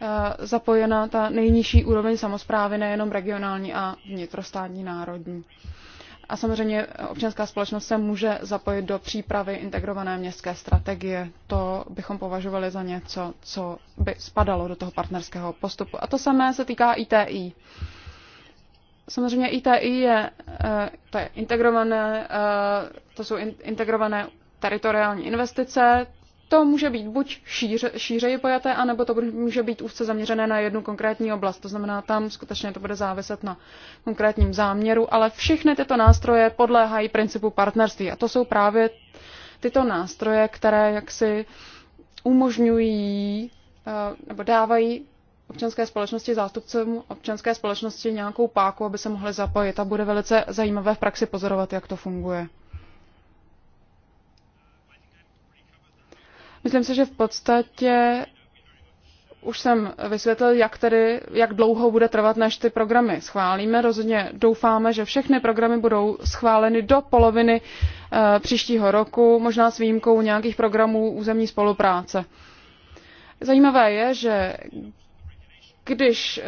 eh, zapojena ta nejnižší úroveň samozprávy, nejenom regionální a vnitrostátní národní. A samozřejmě občanská společnost se může zapojit do přípravy integrované městské strategie. To bychom považovali za něco, co by spadalo do toho partnerského postupu. A to samé se týká ITI. Samozřejmě ITI je, eh, to je integrované, eh, to jsou integrované teritoriální investice, to může být buď šíře, šířeji pojaté, anebo to může být úzce zaměřené na jednu konkrétní oblast. To znamená, tam skutečně to bude záviset na konkrétním záměru, ale všechny tyto nástroje podléhají principu partnerství. A to jsou právě tyto nástroje, které jaksi umožňují eh, nebo dávají občanské společnosti, zástupcům občanské společnosti nějakou páku, aby se mohli zapojit a bude velice zajímavé v praxi pozorovat, jak to funguje. Myslím si, že v podstatě už jsem vysvětlil, jak, tedy, jak dlouho bude trvat, než ty programy schválíme. Rozhodně doufáme, že všechny programy budou schváleny do poloviny e, příštího roku, možná s výjimkou nějakých programů územní spolupráce. Zajímavé je, že když eh,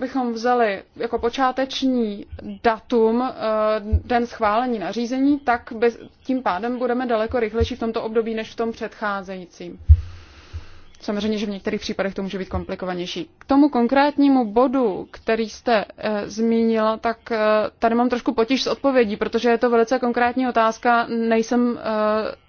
bychom vzali jako počáteční datum eh, den schválení nařízení, tak bez, tím pádem budeme daleko rychlejší v tomto období než v tom předcházejícím. Samozřejmě, že v některých případech to může být komplikovanější. K tomu konkrétnímu bodu, který jste e, zmínila, tak e, tady mám trošku potíž s odpovědí, protože je to velice konkrétní otázka, nejsem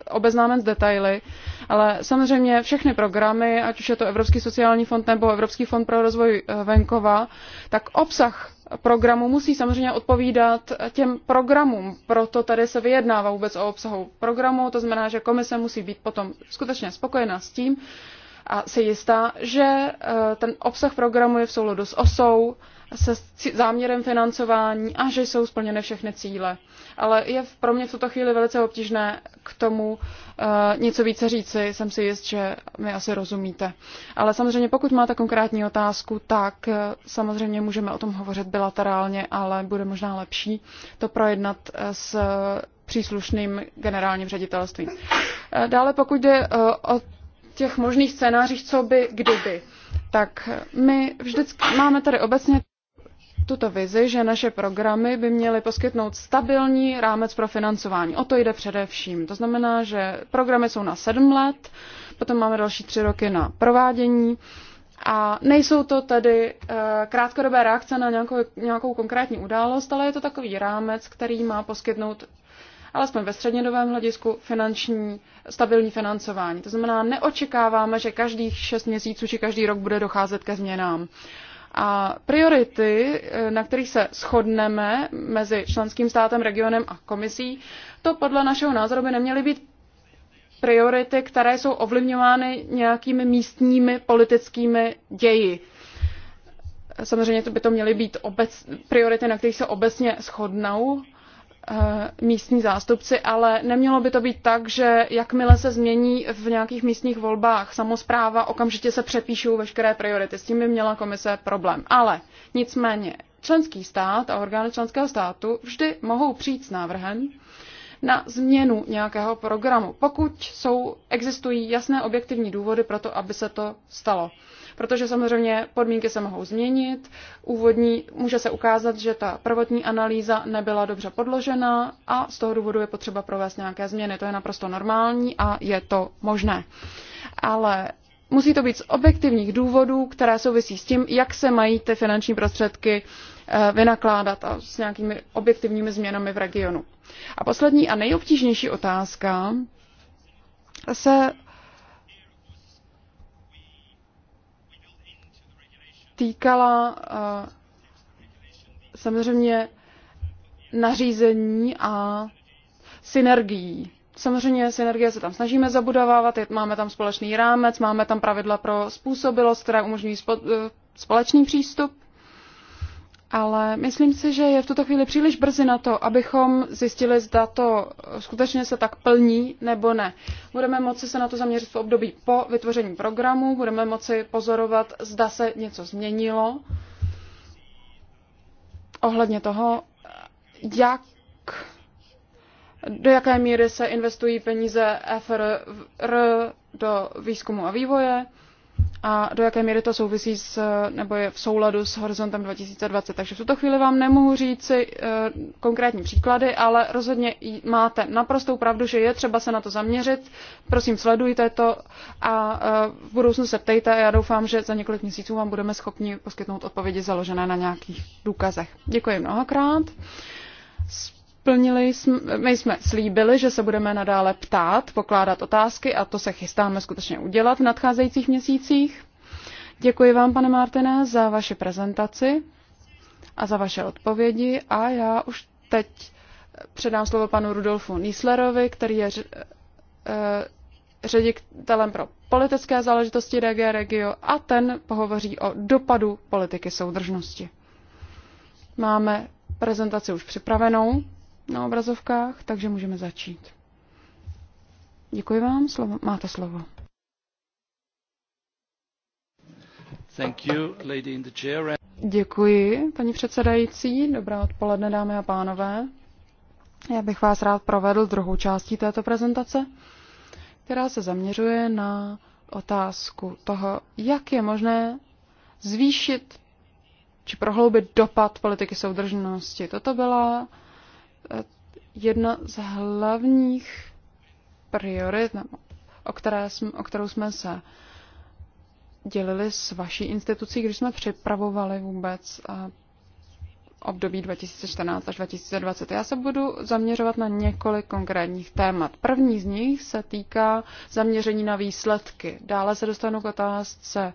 e, obeznámen s detaily. E, ale samozřejmě všechny programy, ať už je to Evropský sociální fond nebo Evropský fond pro rozvoj eh, venkova, tak obsah programu musí samozřejmě odpovídat těm programům. Proto tady se vyjednává vůbec o obsahu programu, to znamená, že komise musí být potom skutečně spokojená s tím a se jistá, že eh, ten obsah programu je v souladu s osou, se záměrem financování a že jsou splněny všechny cíle ale je pro mě v tuto chvíli velice obtížné k tomu uh, něco více říci. Jsem si jist, že mi asi rozumíte. Ale samozřejmě, pokud máte konkrétní otázku, tak uh, samozřejmě můžeme o tom hovořit bilaterálně, ale bude možná lepší to projednat eh, s příslušným generálním ředitelstvím. Dále, pokud jde o těch možných scénářích, co by, kdyby, tak my vždycky máme tady obecně tuto vizi, že naše programy by měly poskytnout stabilní rámec pro financování. O to jde především. To znamená, že programy jsou na sedm let, potom máme další tři roky na provádění. A nejsou to tedy eh, krátkodobé reakce na nějakou, nějakou konkrétní událost, ale je to takový rámec, který má poskytnout alespoň ve střednědobém hledisku finanční, stabilní financování. To znamená, neočekáváme, že každých šest měsíců či každý rok bude docházet ke změnám. A priority, eh, na kterých se shodneme mezi členským státem, regionem a komisí, to podle našeho názoru by neměly být priority, které jsou ovlivňovány nějakými místními politickými ději. Samozřejmě to by to měly být obec, priority, na kterých se obecně shodnou Eh, místní zástupci, ale nemělo by to být tak, že jakmile se změní v nějakých místních volbách samozpráva, okamžitě se přepíšou veškeré priority. S tím by měla komise problém. Ale nicméně členský stát a orgány členského státu vždy mohou přijít s návrhem na změnu nějakého programu, pokud jsou, existují jasné objektivní důvody pro to, aby se to stalo protože samozřejmě podmínky se mohou změnit, úvodní, může se ukázat, že ta prvotní analýza nebyla dobře podložena a z toho důvodu je potřeba provést nějaké změny. To je naprosto normální a je to možné. Ale musí to být z objektivních důvodů, které souvisí s tím, jak se mají ty finanční prostředky eh, vynakládat a s nějakými objektivními změnami v regionu. A poslední a nejobtížnější otázka se týkala eh, samozřejmě nařízení a synergií. Samozřejmě synergie se tam snažíme zabudovávat, máme tam společný rámec, máme tam pravidla pro způsobilost, které umožňují eh, společný přístup ale myslím si, že je v tuto chvíli příliš brzy na to, abychom zjistili, zda to skutečně se tak plní nebo ne. Budeme moci se na to zaměřit v období po vytvoření programu, budeme moci pozorovat, zda se něco změnilo ohledně toho, jak do jaké míry se investují peníze FR do výzkumu a vývoje, a do jaké míry to souvisí s, nebo je v souladu s horizontem 2020. Takže v tuto chvíli vám nemohu říci eh, konkrétní příklady, ale rozhodně máte naprostou pravdu, že je třeba se na to zaměřit. Prosím, sledujte to a eh, v budoucnu se ptejte a já doufám, že za několik měsíců vám budeme schopni poskytnout odpovědi založené na nějakých důkazech. Děkuji mnohokrát. Splnili jsme, my jsme slíbili, že se budeme nadále ptát, pokládat otázky a to se chystáme skutečně udělat v nadcházejících měsících. Děkuji vám, pane Martine, za vaši prezentaci a za vaše odpovědi a já už teď předám slovo panu Rudolfu Nieslerovi, který je eh, ředitelem pro politické záležitosti DG Regio a ten pohovoří o dopadu politiky soudržnosti. Máme prezentaci už připravenou na obrazovkách, takže můžeme začít. Děkuji vám, slovo, máte slovo. Thank you, lady in the chair. Děkuji, paní předsedající. Dobré odpoledne, dámy a pánové. Já bych vás rád provedl druhou částí této prezentace, která se zaměřuje na otázku toho, jak je možné zvýšit či prohloubit dopad politiky soudržnosti. Toto byla jedna z hlavních priorit, o, které jsme, o kterou jsme se dělili s vaší institucí, když jsme připravovali vůbec eh, období 2014 až 2020. Já se budu zaměřovat na několik konkrétních témat. První z nich se týká zaměření na výsledky. Dále se dostanu k otázce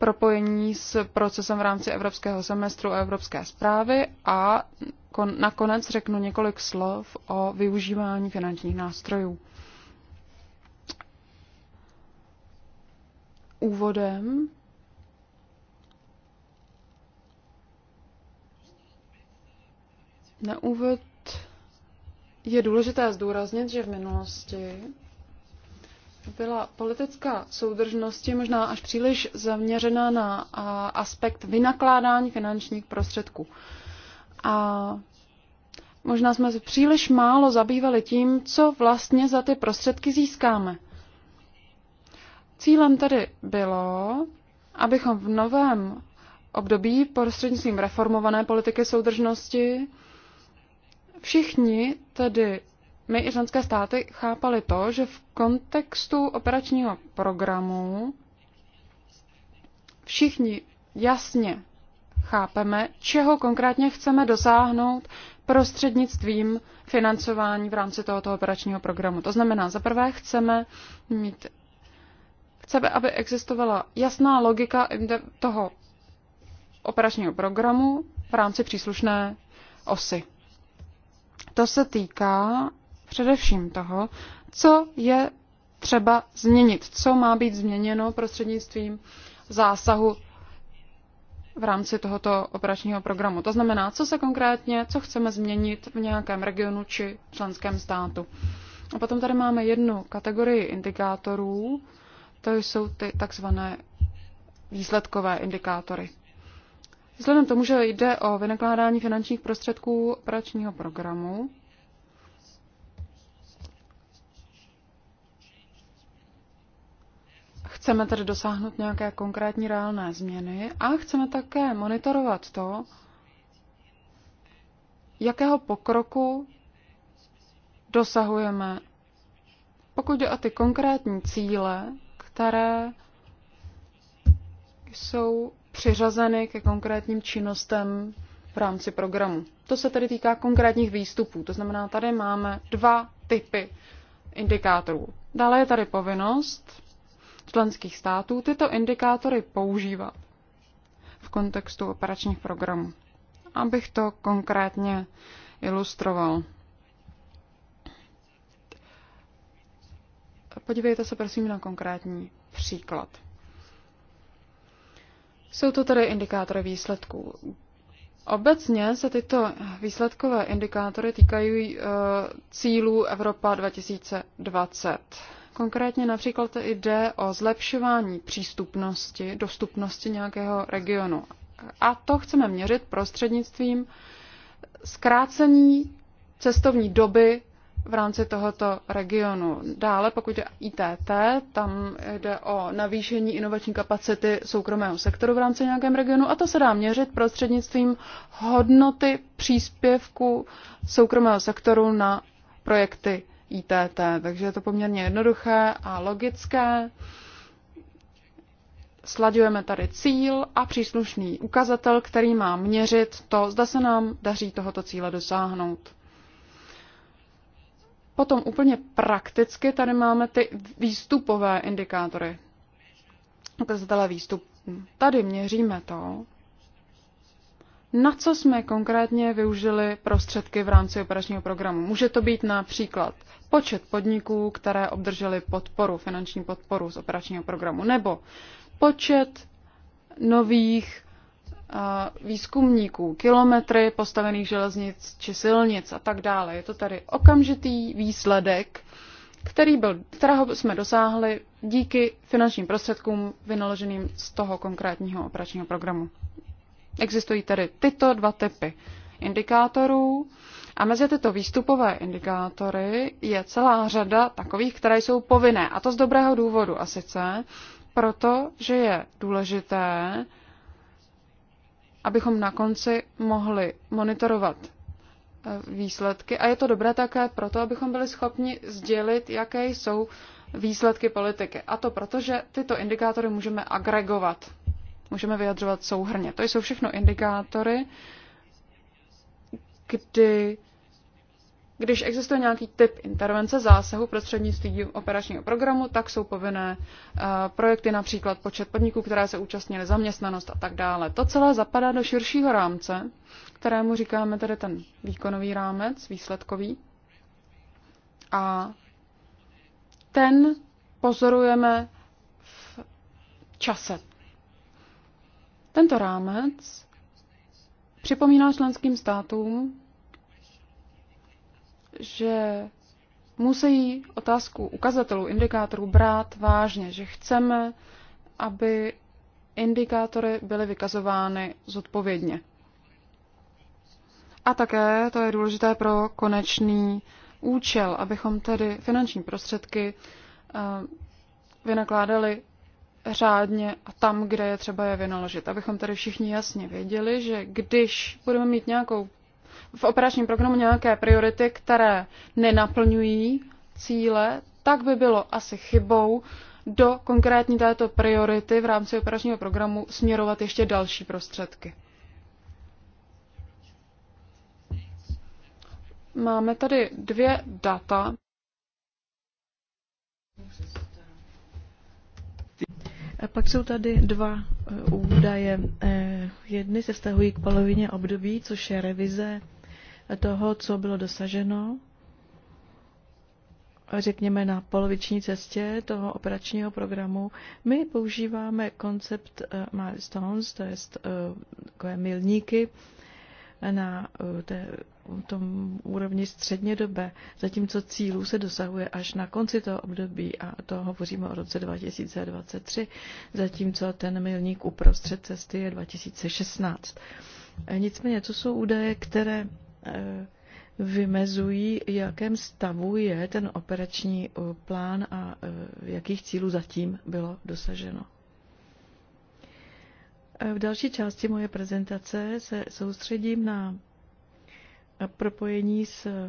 propojení s procesem v rámci evropského semestru a evropské zprávy a kon, nakonec řeknu několik slov o využívání finančních nástrojů. Úvodem na úvod je důležité zdůraznit, že v minulosti byla politická soudržnost možná až příliš zaměřená na aspekt vynakládání finančních prostředků. A možná jsme se příliš málo zabývali tím, co vlastně za ty prostředky získáme. Cílem tedy bylo, abychom v novém období prostřednictvím reformované politiky soudržnosti všichni tedy my i členské státy chápali to, že v kontextu operačního programu všichni jasně chápeme, čeho konkrétně chceme dosáhnout prostřednictvím financování v rámci tohoto operačního programu. To znamená, za prvé chceme mít, chceme, aby existovala jasná logika toho operačního programu v rámci příslušné osy. To se týká především toho, co je třeba změnit, co má být změněno prostřednictvím zásahu v rámci tohoto operačního programu. To znamená, co se konkrétně, co chceme změnit v nějakém regionu či členském státu. A potom tady máme jednu kategorii indikátorů, to jsou ty takzvané výsledkové indikátory. Vzhledem tomu, že jde o vynakládání finančních prostředků operačního programu, Chceme tedy dosáhnout nějaké konkrétní reálné změny a chceme také monitorovat to, jakého pokroku dosahujeme, pokud jde o ty konkrétní cíle, které jsou přiřazeny ke konkrétním činnostem v rámci programu. To se tedy týká konkrétních výstupů. To znamená, tady máme dva typy indikátorů. Dále je tady povinnost členských států tyto indikátory používat v kontextu operačních programů. Abych to konkrétně ilustroval. Podívejte se prosím na konkrétní příklad. Jsou to tedy indikátory výsledků. Obecně se tyto výsledkové indikátory týkají eh, cílů Evropa 2020. Konkrétně například jde o zlepšování přístupnosti, dostupnosti nějakého regionu. A to chceme měřit prostřednictvím zkrácení cestovní doby v rámci tohoto regionu. Dále, pokud je ITT, tam jde o navýšení inovační kapacity soukromého sektoru v rámci nějakém regionu a to se dá měřit prostřednictvím hodnoty příspěvku soukromého sektoru na projekty ITT. Takže je to poměrně jednoduché a logické. Slaďujeme tady cíl a příslušný ukazatel, který má měřit to, zda se nám daří tohoto cíle dosáhnout. Potom úplně prakticky tady máme ty výstupové indikátory. Ukazatele výstup. Tady měříme to, na co jsme konkrétně využili prostředky v rámci operačního programu. Může to být například počet podniků, které obdržely podporu, finanční podporu z operačního programu, nebo počet nových výzkumníků, kilometry postavených železnic či silnic a tak dále. Je to tady okamžitý výsledek, který byl, kterého jsme dosáhli díky finančním prostředkům vynaloženým z toho konkrétního operačního programu. Existují tady tyto dva typy indikátorů a mezi tyto výstupové indikátory je celá řada takových, které jsou povinné. A to z dobrého důvodu a sice proto, že je důležité abychom na konci mohli monitorovat eh, výsledky. A je to dobré také proto, abychom byli schopni sdělit, jaké jsou výsledky politiky. A to proto, že tyto indikátory můžeme agregovat, můžeme vyjadřovat souhrně. To jsou všechno indikátory, kdy když existuje nějaký typ intervence zásahu prostřednictvím operačního programu, tak jsou povinné eh, projekty, například počet podniků, které se účastnily, zaměstnanost a tak dále. To celé zapadá do širšího rámce, kterému říkáme tedy ten výkonový rámec, výsledkový. A ten pozorujeme v čase. Tento rámec připomíná členským státům že musí otázku ukazatelů, indikátorů brát vážně, že chceme, aby indikátory byly vykazovány zodpovědně. A také to je důležité pro konečný účel, abychom tedy finanční prostředky eh, vynakládali řádně a tam, kde je třeba je vynaložit. Abychom tady všichni jasně věděli, že když budeme mít nějakou v operačním programu nějaké priority, které nenaplňují cíle, tak by bylo asi chybou do konkrétní této priority v rámci operačního programu směrovat ještě další prostředky. Máme tady dvě data. Pak jsou tady dva eh, údaje. Eh, jedny se stahují k polovině období, což je revize toho, co bylo dosaženo, řekněme na poloviční cestě toho operačního programu, my používáme koncept eh, milestones, to je eh, takové milníky eh, na té, tom úrovni středně dobe, zatímco cílů se dosahuje až na konci toho období a to hovoříme o roce 2023, zatímco ten milník uprostřed cesty je 2016. Nicméně to jsou údaje, které Eh, vymezují, v jakém stavu je ten operační eh, plán a eh, jakých cílů zatím bylo dosaženo. V další části moje prezentace se soustředím na propojení s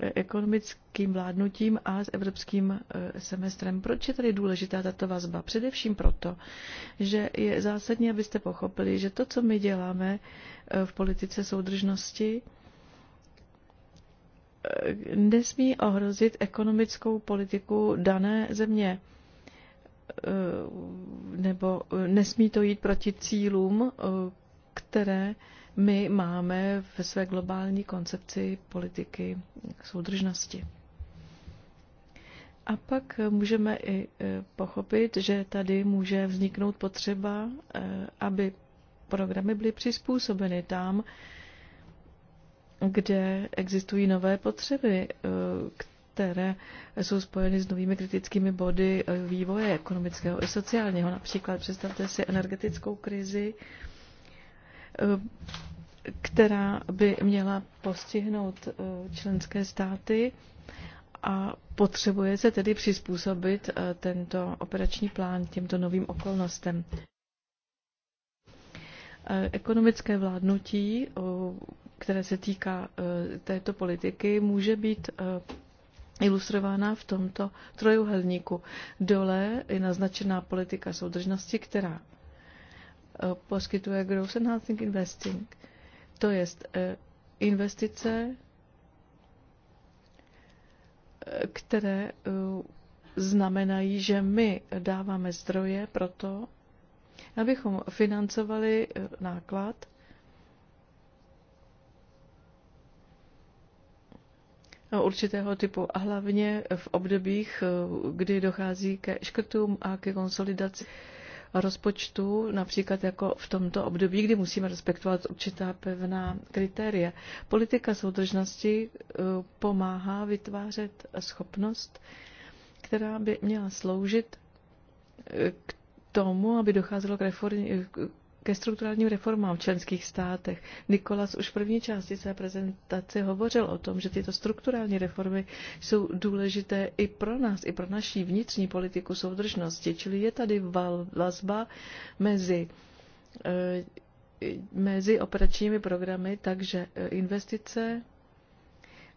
ekonomickým vládnutím a s evropským eh, semestrem. Proč je tady důležitá tato vazba? Především proto, že je zásadní, abyste pochopili, že to, co my děláme eh, v politice soudržnosti, eh, nesmí ohrozit ekonomickou politiku dané země nebo nesmí to jít proti cílům, které my máme ve své globální koncepci politiky soudržnosti. A pak můžeme i e, pochopit, že tady může vzniknout potřeba, e, aby programy byly přizpůsobeny tam, kde existují nové potřeby, e, které jsou spojeny s novými kritickými body vývoje ekonomického i sociálního. Například představte si energetickou krizi, která by měla postihnout eh, členské státy a potřebuje se tedy přizpůsobit eh, tento operační plán těmto novým okolnostem. Eh, ekonomické vládnutí, které se týká této politiky, může být ilustrována v tomto trojuhelníku. Dole je naznačená politika soudržnosti, která Eh, poskytuje Growth Enhancing Investing, to je eh, investice, eh, které znamenají, že my dáváme zdroje pro to, abychom financovali náklad, určitého typu a hlavně v obdobích, kdy dochází ke škrtům a ke konsolidaci rozpočtu, například jako v tomto období, kdy musíme respektovat určitá pevná kritéria. Politika soudržnosti eh, pomáhá vytvářet schopnost, která by měla sloužit eh, k tomu, aby docházelo k, reformě, ke strukturálním reformám v členských státech. Nikolas už v první části své prezentace hovořil o tom, že tyto strukturální reformy jsou důležité i pro nás, i pro naší vnitřní politiku soudržnosti. Čili je tady vazba mezi eh, mezi operačními programy, takže eh, investice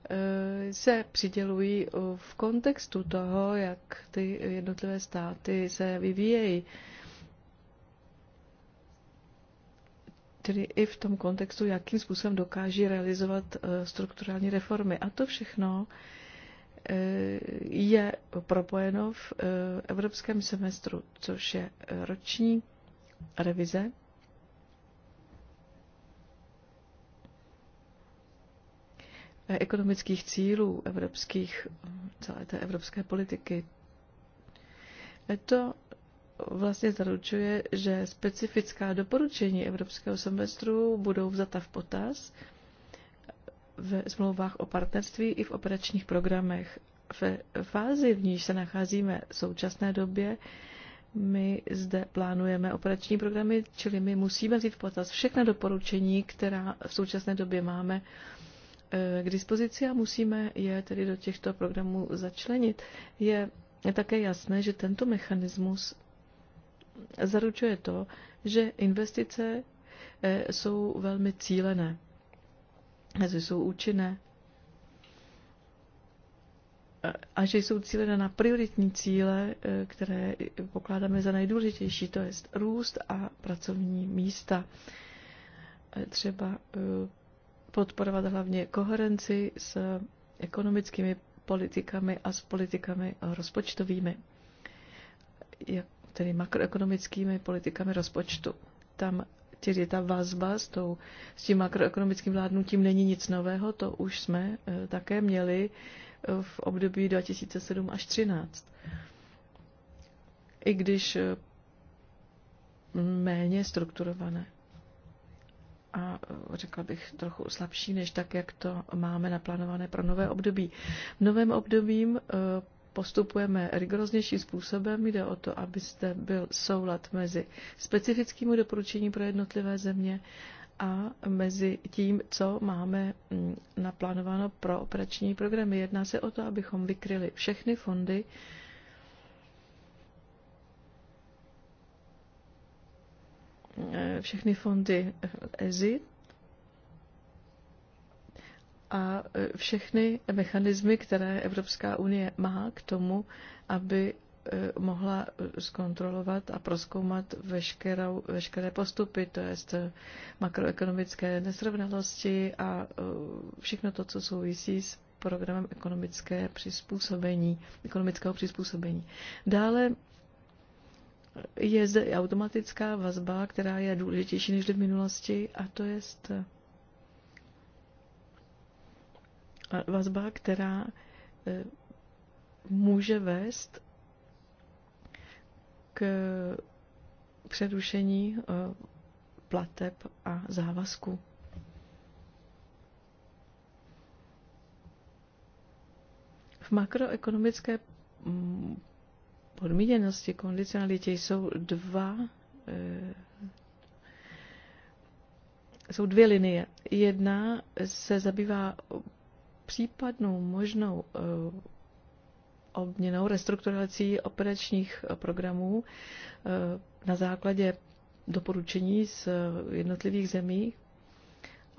eh, se přidělují v kontextu toho, jak ty jednotlivé státy se vyvíjejí. tedy i v tom kontextu, jakým způsobem dokáží realizovat eh, strukturální reformy. A to všechno eh, je propojeno v eh, evropském semestru, což je roční revize. ekonomických cílů evropských, celé té evropské politiky. To vlastně zaručuje, že specifická doporučení Evropského semestru budou vzata v potaz ve smlouvách o partnerství i v operačních programech. v fázi, v níž se nacházíme v současné době, my zde plánujeme operační programy, čili my musíme vzít v potaz všechna doporučení, která v současné době máme eh, k dispozici a musíme je tedy do těchto programů začlenit. Je také jasné, že tento mechanismus zaručuje to, že investice eh, jsou velmi cílené, že jsou účinné eh, a že jsou cílené na prioritní cíle, eh, které pokládáme za nejdůležitější, to je růst a pracovní místa. Třeba podporovat hlavně koherenci s ekonomickými politikami a s politikami rozpočtovými. Jak tedy makroekonomickými politikami rozpočtu. Tam tedy ta vazba s, tou, s tím makroekonomickým vládnutím není nic nového, to už jsme eh, také měli eh, v období 2007 až 2013. I když eh, méně strukturované a řekla bych trochu slabší, než tak, jak to máme naplánované pro nové období. V novém obdobím postupujeme rigoroznějším způsobem. Jde o to, abyste byl soulad mezi specifickými doporučení pro jednotlivé země a mezi tím, co máme mm, naplánováno pro operační programy. Jedná se o to, abychom vykryli všechny fondy, eh, všechny fondy eh, EZIT, a e, všechny mechanismy, které Evropská unie má k tomu, aby e, mohla e, zkontrolovat a proskoumat veškerou, veškeré postupy, to je makroekonomické nesrovnalosti a všechno to, co souvisí s programem ekonomické přizpůsobení, ekonomického přizpůsobení. Dále je zde automatická vazba, která je důležitější než v minulosti, a to je vazba, která e, může vést k přerušení e, plateb a závazků. V makroekonomické mm, podmíněnosti, kondicionalitě jsou dva e, jsou dvě linie. Jedna se zabývá případnou možnou eh, obměnou, restrukturalizací operačních eh, programů eh, na základě doporučení z jednotlivých zemí.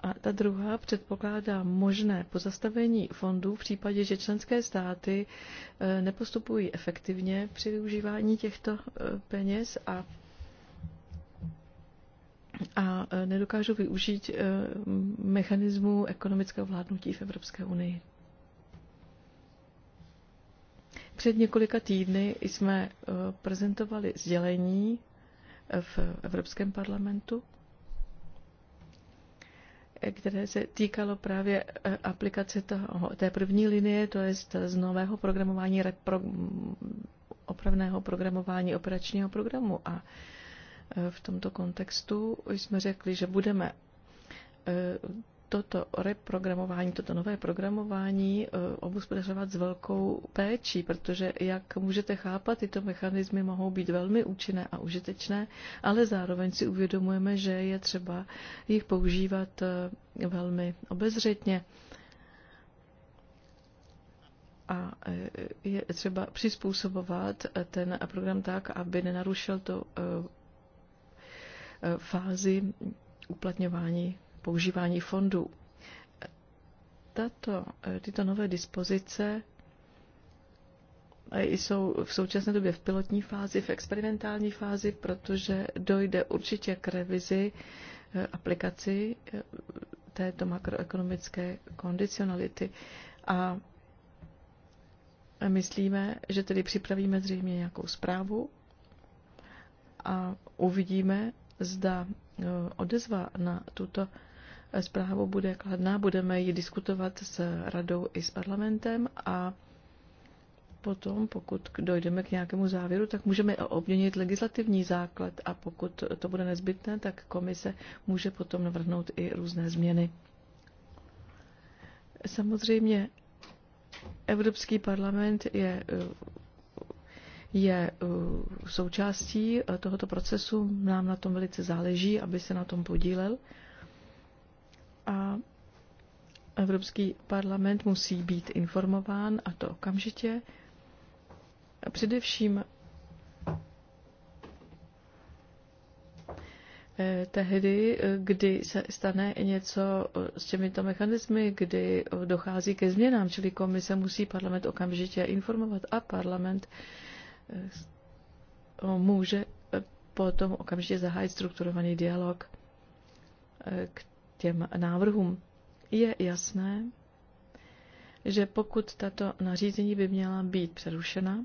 A ta druhá předpokládá možné pozastavení fondů v případě, že členské státy nepostupují efektivně při využívání těchto peněz a a e, nedokážou využít e, mechanismu ekonomického vládnutí v Evropské unii. Před několika týdny jsme e, prezentovali sdělení v Evropském parlamentu, které se týkalo právě aplikace toho, té první linie, to je z nového programování, repro, opravného programování operačního programu. A Eh, v tomto kontextu jsme řekli, že budeme eh, toto reprogramování, toto nové programování eh, obhospodařovat s velkou péčí, protože, jak můžete chápat, tyto mechanismy mohou být velmi účinné a užitečné, ale zároveň si uvědomujeme, že je třeba jich používat velmi obezřetně. A je třeba přizpůsobovat ten program tak, aby nenarušil to fázi uplatňování, používání fondů. Tato, tyto nové dispozice jsou v současné době v pilotní fázi, v experimentální fázi, protože dojde určitě k revizi eh, aplikaci eh, této makroekonomické kondicionality. A myslíme, že tedy připravíme zřejmě nějakou zprávu a uvidíme, zda eh, odezva na tuto eh, zprávu bude kladná. Budeme ji diskutovat s radou i s parlamentem a potom, pokud dojdeme k nějakému závěru, tak můžeme obměnit legislativní základ a pokud to bude nezbytné, tak komise může potom navrhnout i různé změny. Samozřejmě Evropský parlament je eh, je eh, součástí eh, tohoto procesu. Nám na tom velice záleží, aby se na tom podílel. A Evropský parlament musí být informován, a to okamžitě. A především eh, tehdy, kdy se stane něco s těmito mechanismy, kdy dochází ke změnám, čili komise musí parlament okamžitě informovat a parlament Eh, může eh, potom okamžitě zahájit strukturovaný dialog eh, k těm návrhům. Je jasné, že pokud tato nařízení by měla být přerušena,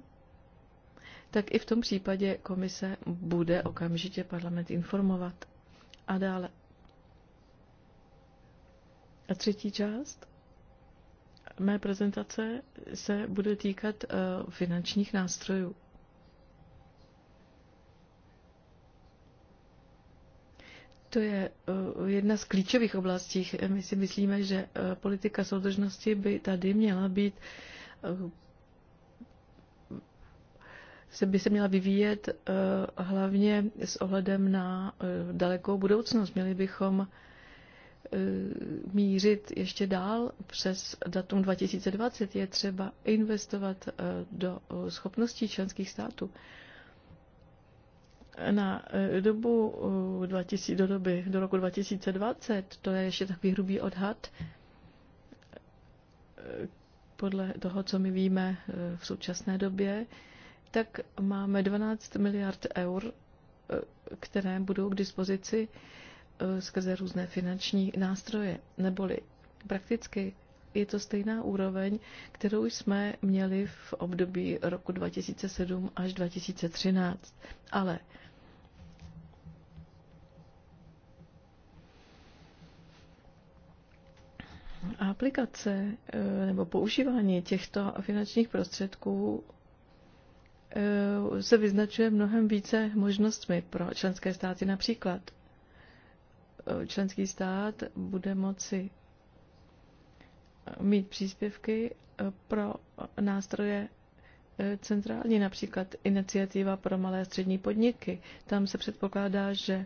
tak i v tom případě komise bude okamžitě parlament informovat. A dále. A třetí část mé prezentace se bude týkat finančních nástrojů. To je eh, jedna z klíčových oblastí. My si myslíme, že eh, politika soudržnosti by tady měla být eh, se by se měla vyvíjet hlavně s ohledem na dalekou budoucnost. Měli bychom mířit ještě dál přes datum 2020. Je třeba investovat do schopností členských států na e, dobu 2000, do doby do roku 2020, to je ještě takový hrubý odhad, e, podle toho, co my víme e, v současné době, tak máme 12 miliard eur, které budou k dispozici skrze různé finanční nástroje. Neboli prakticky je to stejná úroveň, kterou jsme měli v období roku 2007 až 2013. Ale aplikace eh, nebo používání těchto finančních prostředků eh, se vyznačuje mnohem více možnostmi pro členské státy. Například eh, členský stát bude moci mít příspěvky pro nástroje centrální, například iniciativa pro malé a střední podniky. Tam se předpokládá, že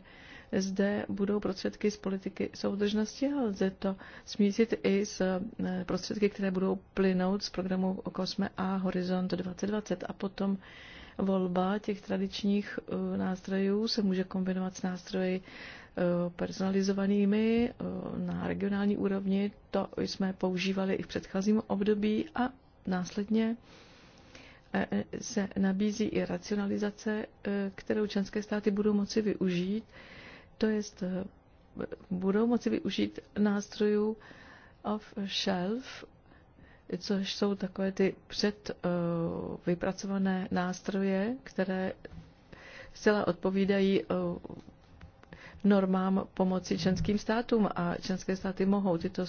zde budou prostředky z politiky soudržnosti, ale lze to smířit i s eh, prostředky, které budou plynout z programu Kosme a Horizont 2020 a potom volba těch tradičních eh, nástrojů se může kombinovat s nástroji eh, personalizovanými na regionální úrovni. To jsme používali i v předchozím období a následně se nabízí i racionalizace, kterou členské státy budou moci využít to jest e, budou moci využít nástrojů off-shelf, což jsou takové ty předvypracované e, nástroje, které zcela odpovídají e, normám pomoci členským státům a členské státy mohou tyto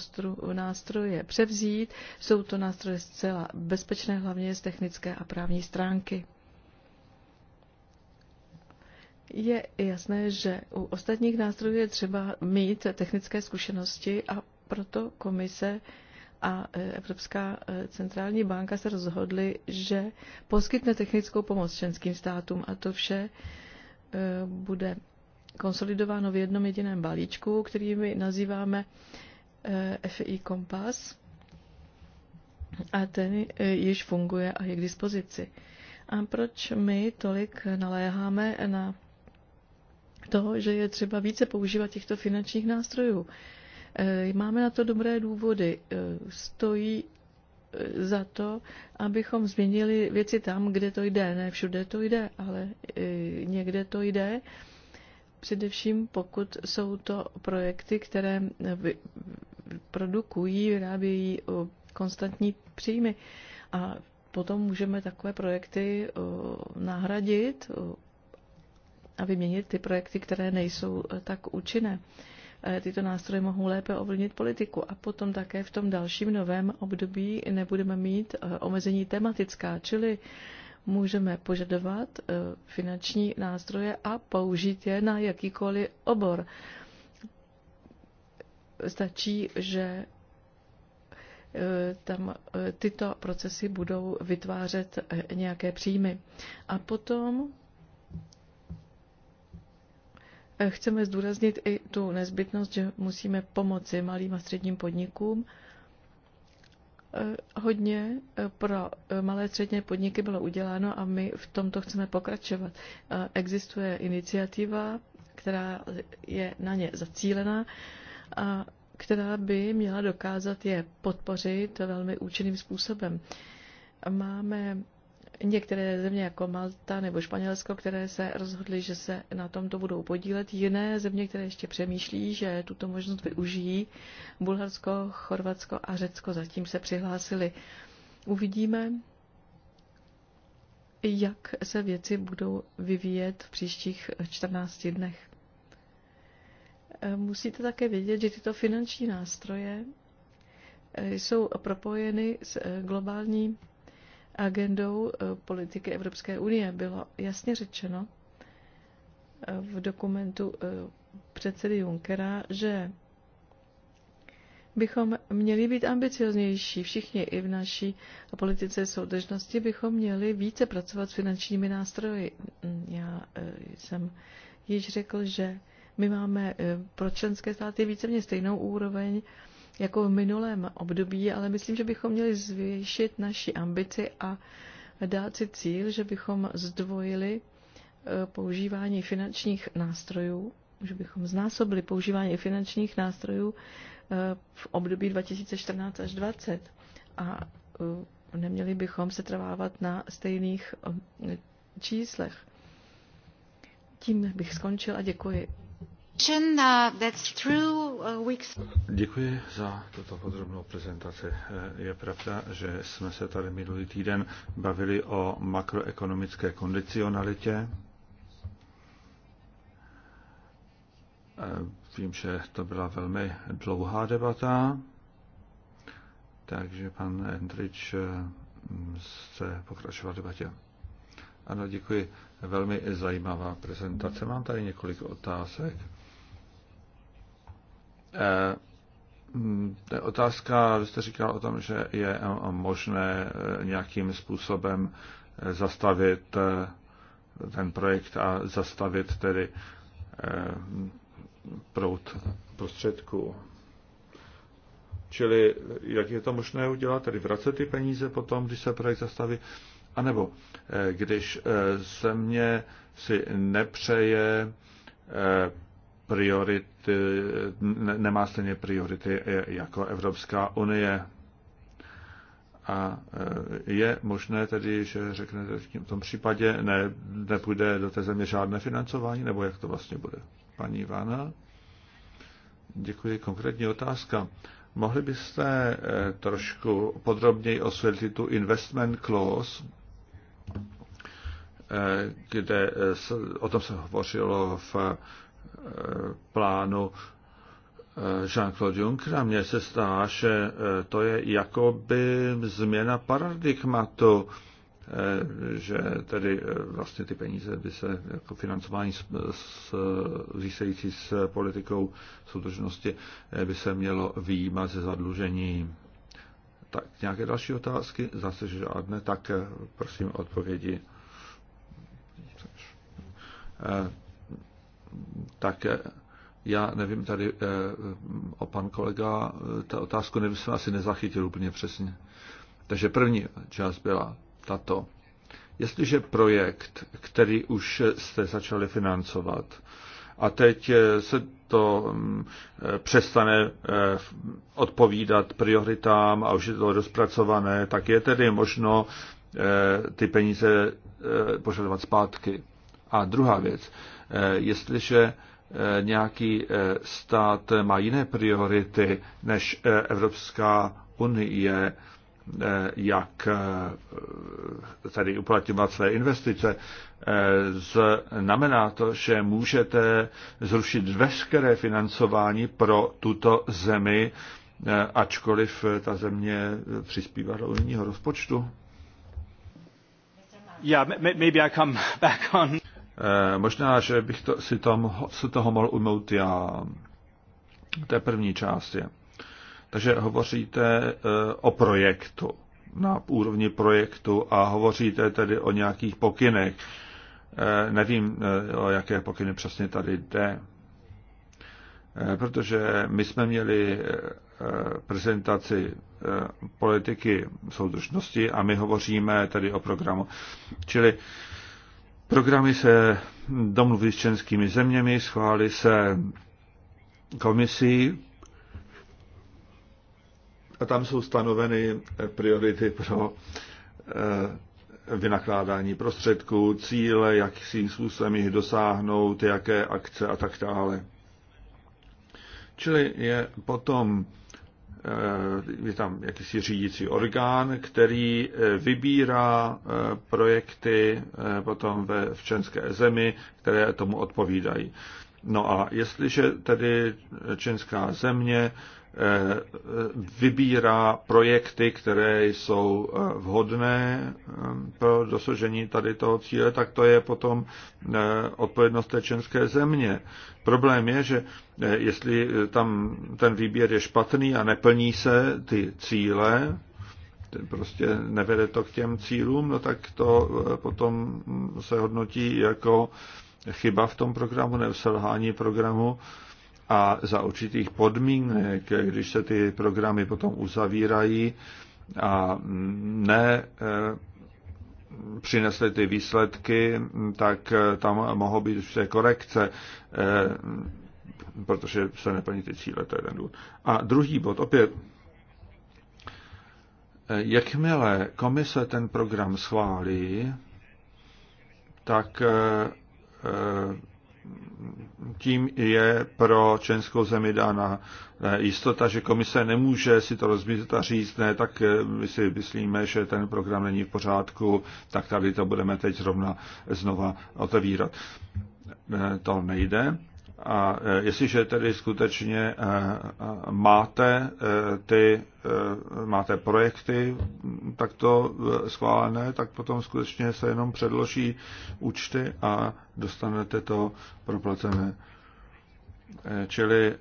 nástroje převzít. Jsou to nástroje zcela bezpečné, hlavně z technické a právní stránky. Je jasné, že u ostatních nástrojů je třeba mít technické zkušenosti a proto komise a e, Evropská e, centrální banka se rozhodly, že poskytne technickou pomoc členským státům a to vše e, bude konsolidováno v jednom jediném balíčku, který my nazýváme FI Kompas a ten již funguje a je k dispozici. A proč my tolik naléháme na to, že je třeba více používat těchto finančních nástrojů. E, máme na to dobré důvody. E, stojí e, za to, abychom změnili věci tam, kde to jde. Ne všude to jde, ale někde to jde. Především pokud jsou to projekty, které produkují, vyrábějí konstantní příjmy. A potom můžeme takové projekty nahradit, a vyměnit ty projekty, které nejsou eh, tak účinné. Eh, tyto nástroje mohou lépe ovlivnit politiku a potom také v tom dalším novém období nebudeme mít eh, omezení tematická, čili můžeme požadovat finanční nástroje a použít je na jakýkoliv obor. Stačí, že tam tyto procesy budou vytvářet nějaké příjmy. A potom chceme zdůraznit i tu nezbytnost, že musíme pomoci malým a středním podnikům. Eh, hodně eh, pro eh, malé a střední podniky bylo uděláno a my v tomto chceme pokračovat. Existuje iniciativa, která je na ně zacílená a která by měla dokázat je podpořit velmi účinným způsobem. Máme některé země jako Malta nebo Španělsko, které se rozhodly, že se na tomto budou podílet, jiné země, které ještě přemýšlí, že tuto možnost využijí, Bulharsko, Chorvatsko a Řecko zatím se přihlásili. Uvidíme, jak se věci budou vyvíjet v příštích 14 dnech. Musíte také vědět, že tyto finanční nástroje jsou propojeny s globální agendou eh, politiky Evropské unie. Bylo jasně řečeno eh, v dokumentu eh, předsedy Junckera, že bychom měli být ambicioznější. Všichni i v naší politice soudržnosti bychom měli více pracovat s finančními nástroji. Mm, Já jsem již řekl, že my máme pro členské státy víceméně stejnou úroveň jako v minulém období, ale myslím, že bychom měli zvýšit naši ambici a dát si cíl, že bychom zdvojili eh, používání finančních nástrojů, že bychom znásobili používání finančních nástrojů eh, v období 2014 až 2020 a eh, neměli bychom se trvávat na stejných číslech. Tím bych skončil a děkuji. Uh, uh, děkuji za tuto podrobnou prezentaci. Eh, je pravda, že jsme se tady minulý týden bavili o makroekonomické kondicionalitě. Eh, vím, že to byla velmi dlouhá debata, takže pan Endrich eh, se pokračoval v debatě. Ano, děkuji. Velmi zajímavá prezentace. Mám tady několik otázek. To eh, je mm, otázka, vy jste říkal o tom, že je eh, možné eh, nějakým způsobem zastavit ten projekt a zastavit tedy prout prostředků. Čili jak je to možné udělat, tedy vracet ty peníze potom, když se projekt zastaví, anebo když země si nepřeje priority, nemá stejně priority jako Evropská unie. A e, je možné tedy, že řeknete, v tom případě ne, nepůjde do té země žádné financování, nebo jak to vlastně bude? Paní Ivana? Děkuji. Konkrétní otázka. Mohli byste e, trošku podrobněji osvětlit tu investment clause, e, kde o tom se hovořilo v plánu eh, Jean-Claude Junckera. Mně se stá, že eh, to je jakoby změna paradigmatu, eh, že tedy vlastně ty peníze by se jako financování s, s, získající s politikou soudržnosti by se mělo výjímat ze zadlužení. Tak nějaké další otázky? Zase žádné, tak prosím odpovědi tak eh, já nevím, tady eh, o pan kolega, eh, ta otázku nevím, jsem asi nezachytil úplně přesně. Takže první část byla tato. Jestliže projekt, který už jste začali financovat, a teď se to mm, přestane odpovídat prioritám a už je to rozpracované, tak je tedy možno ty peníze požadovat zpátky. A druhá věc, Eh, jestliže eh, nějaký eh, stát má jiné priority než Evropská unie, jak tady uplatňovat své investice, znamená to, že můžete zrušit veškeré financování pro tuto zemi, ačkoliv ta země přispívá do unijního rozpočtu? Yeah, maybe I come back on. Eh, možná, že bych to, si tom, se toho mohl umout já. To je první část. Je. Takže hovoříte eh, o projektu, na úrovni projektu a hovoříte tedy o nějakých pokynech. Eh, nevím, o jaké pokyny přesně tady jde. Protože my jsme měli prezentaci politiky soudržnosti a my hovoříme tedy o programu. Čili Programy se domluví s členskými zeměmi, schválí se komisí a tam jsou stanoveny priority pro eh, vynakládání prostředků, cíle, si způsobem jich dosáhnout, jaké akce a tak dále. Čili je potom Eh, je tam jakýsi řídící orgán, který eh, vybírá eh, projekty potom ve, včenské zemi, které tomu odpovídají. No a jestliže tedy čínská země eh, vybírá projekty, které jsou eh, vhodné eh, pro dosažení tady toho cíle, tak to je potom odpovědnost té členské země. Problém je, že jestli tam ten výběr je špatný a neplní se ty cíle, prostě nevede to k těm cílům, no tak to potom se hodnotí jako chyba v tom programu, neselhání programu a za určitých podmínek, když se ty programy potom uzavírají a ne eh, přinesly ty výsledky, tak eh, tam mohou být určité korekce, eh, protože se neplní ty cíle, to je ten důvod. A druhý bod, opět, jakmile komise ten program schválí, tak Eh, tím je pro členskou zemi dána eh, jistota, že komise nemůže si to rozbít a říct, ne, tak eh, my si myslíme, že ten program není v pořádku, tak tady to budeme teď zrovna znova otevírat. To nejde. A e, jestliže tedy skutečně e, e, máte ty, máte projekty takto schválené, tak potom skutečně se jenom předloží účty a dostanete to proplacené. Čili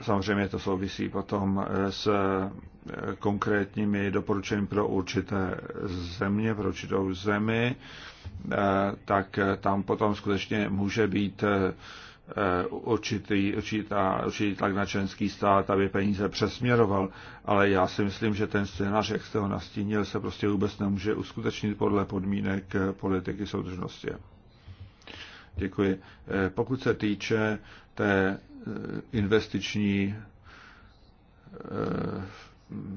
samozřejmě to souvisí potom s eh, konkrétními doporučení pro určité země, pro určitou zemi, eh, tak tam potom skutečně může být eh, určitý, určitá, určitý tlak na členský stát, aby peníze přesměroval, ale já si myslím, že ten scénář, jak jste ho nastínil, se prostě vůbec nemůže uskutečnit podle podmínek politiky soudržnosti. Děkuji. Pokud se týče té e, investiční e,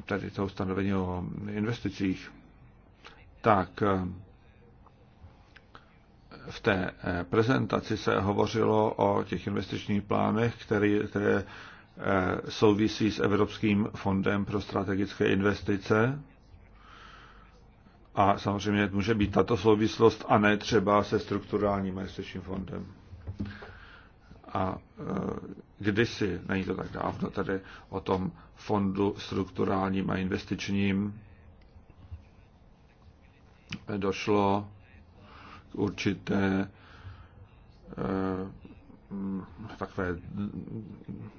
tady toho stanovení o investicích, tak e, v té prezentaci se hovořilo o těch investičních plánech, které, které souvisí s Evropským fondem pro strategické investice. A samozřejmě může být tato souvislost a ne třeba se strukturálním investičním fondem a e, kdysi, není to tak dávno, tady o tom fondu strukturálním a investičním došlo k určité e, takové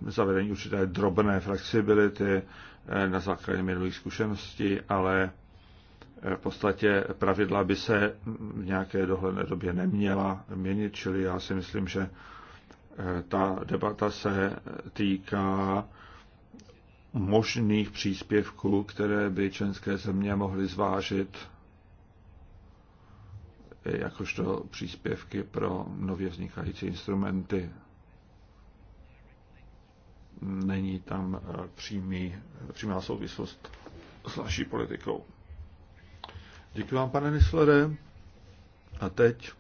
zavedení určité drobné flexibility e, na základě minulých zkušeností, ale v podstatě pravidla by se v nějaké dohledné době neměla měnit, čili já si myslím, že ta debata se týká možných příspěvků, které by členské země mohly zvážit jakožto příspěvky pro nově vznikající instrumenty. Není tam eh, přímý, přímá souvislost s naší politikou. Děkuji vám, pane Nislere. A teď